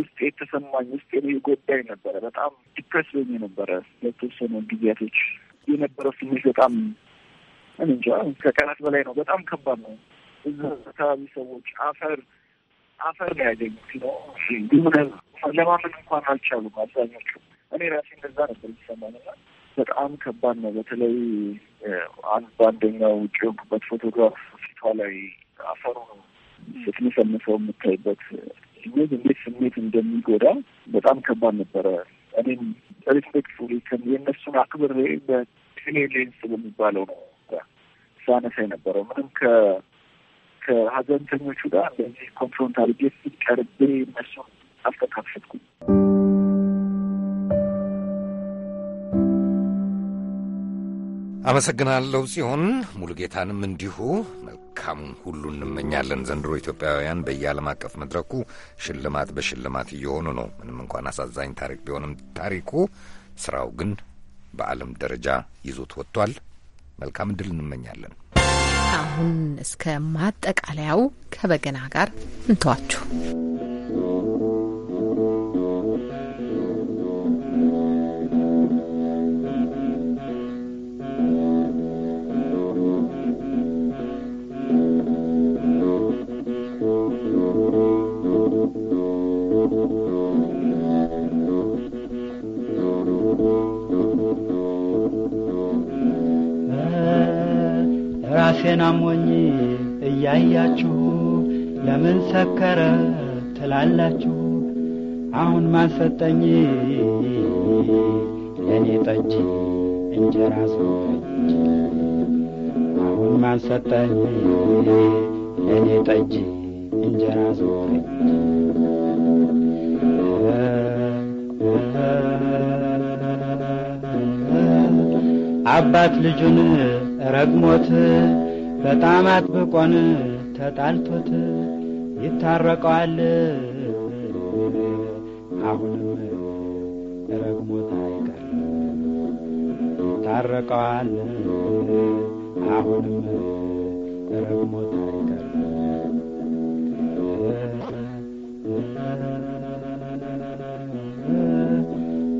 ውስጤ የተሰማኝ ውስጤ ላይ የጎዳኝ ነበረ። በጣም ዲፕሬስ ሆኜ ነበረ ለተወሰኑ ጊዜያቶች የነበረው ስሜት በጣም እንጃ ከቀናት በላይ ነው። በጣም ከባድ ነው። እዛ አካባቢ ሰዎች አፈር አፈር ነው ያገኙት ነው። ለማመን እንኳን አልቻሉም አብዛኞቹ። እኔ ራሴ እንደዛ ነበር የሚሰማኝ እና በጣም ከባድ ነው። በተለይ በአንደኛው ውጭ የወጡበት ፎቶግራፍ ፊቷ ላይ አፈሩ ስትመሰምሰው የምታይበት ህይወት እንዴት ስሜት እንደሚጎዳ በጣም ከባድ ነበረ። እኔም ሪስፔክትፉሊ የእነሱን አክብሬ በቴሌሌንስ በሚባለው ነው ሳነሳ የነበረው ምንም ከ ከሀዘንተኞቹ ጋር እንደዚህ ኮንፍሮንት አድርጌ ቀርቤ እነሱን አልተካፈትኩም። አመሰግናለሁ ሲሆን ሙሉጌታንም እንዲሁ መልካም ሁሉ እንመኛለን። ዘንድሮ ኢትዮጵያውያን በየዓለም አቀፍ መድረኩ ሽልማት በሽልማት እየሆኑ ነው። ምንም እንኳን አሳዛኝ ታሪክ ቢሆንም ታሪኩ ስራው ግን በዓለም ደረጃ ይዞት ወጥቷል። መልካም እድል እንመኛለን። አሁን እስከ ማጠቃለያው ከበገና ጋር እንተዋችሁ። ማሰጠኝ ለእኔ ጠጅ እንጀራ ሰጠኝ አሁን ማንሰጠኝ ለእኔ ጠጅ እንጀራ ሰጠኝ አባት ልጁን ረግሞት በጣም አጥብቆን ተጣልቶት ይታረቀዋል አሁንም አይቀርም። ታረቀዋል አሁንም አይቀርም።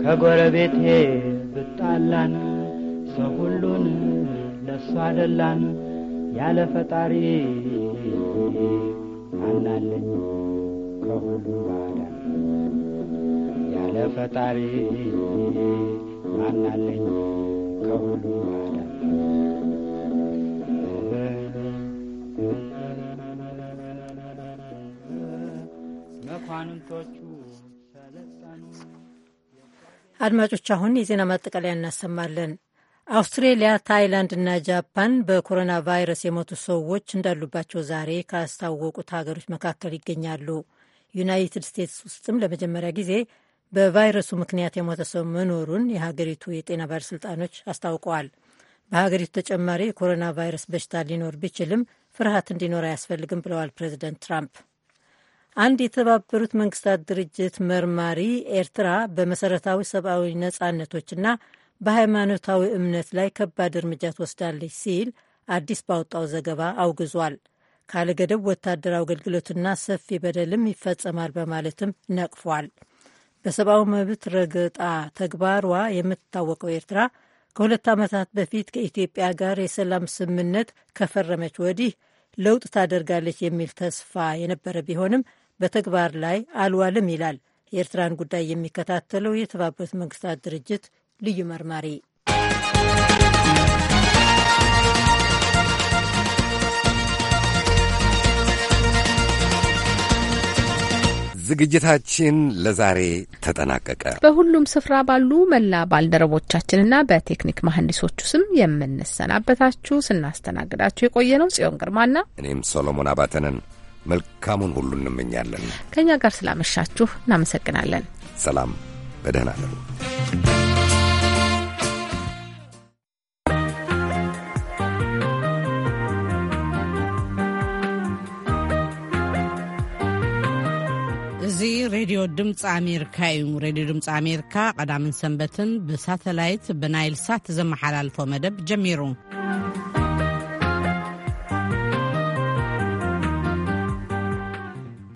ከጎረቤቴ ብጣላን ሰው ሁሉን ለእሱ አደላን ያለ ፈጣሪ አናለኝ ከሁሉ ባዳን ለፈጣሪ ማናለኝ ከሁሉ መኳንንቶቹ ሰለጠኑ። አድማጮች አሁን የዜና ማጠቃለያ እናሰማለን። አውስትሬሊያ፣ ታይላንድ እና ጃፓን በኮሮና ቫይረስ የሞቱ ሰዎች እንዳሉባቸው ዛሬ ካስታወቁት ሀገሮች መካከል ይገኛሉ። ዩናይትድ ስቴትስ ውስጥም ለመጀመሪያ ጊዜ በቫይረሱ ምክንያት የሞተ ሰው መኖሩን የሀገሪቱ የጤና ባለሥልጣኖች አስታውቀዋል። በሀገሪቱ ተጨማሪ የኮሮና ቫይረስ በሽታ ሊኖር ቢችልም ፍርሃት እንዲኖር አያስፈልግም ብለዋል ፕሬዚደንት ትራምፕ። አንድ የተባበሩት መንግስታት ድርጅት መርማሪ ኤርትራ በመሰረታዊ ሰብአዊ ነጻነቶችና በሃይማኖታዊ እምነት ላይ ከባድ እርምጃ ትወስዳለች ሲል አዲስ ባወጣው ዘገባ አውግዟል። ካለገደብ ወታደራዊ አገልግሎትና ሰፊ በደልም ይፈጸማል በማለትም ነቅፏል። በሰብአዊ መብት ረገጣ ተግባሯ የምትታወቀው ኤርትራ ከሁለት ዓመታት በፊት ከኢትዮጵያ ጋር የሰላም ስምምነት ከፈረመች ወዲህ ለውጥ ታደርጋለች የሚል ተስፋ የነበረ ቢሆንም በተግባር ላይ አልዋልም ይላል የኤርትራን ጉዳይ የሚከታተለው የተባበሩት መንግስታት ድርጅት ልዩ መርማሪ ዝግጅታችን ለዛሬ ተጠናቀቀ። በሁሉም ስፍራ ባሉ መላ ባልደረቦቻችንና በቴክኒክ መሐንዲሶቹ ስም የምንሰናበታችሁ ስናስተናግዳችሁ የቆየ ነው ጽዮን ግርማና እኔም ሶሎሞን አባተንን መልካሙን ሁሉ እንመኛለን። ከእኛ ጋር ስላመሻችሁ እናመሰግናለን። ሰላም፣ በደህና ነው። እዚ ሬድዮ ድምፂ ኣሜሪካ እዩ ሬድዮ ድምፂ ኣሜሪካ ቀዳምን ሰንበትን ብሳተላይት ብናይል ሳት ዘመሓላልፎ መደብ ጀሚሩ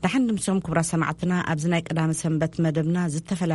ድሓን ድምሶም ክቡራ ሰማዕትና ኣብዚ ናይ ቀዳሚ ሰንበት መደብና ዝተፈላለዩ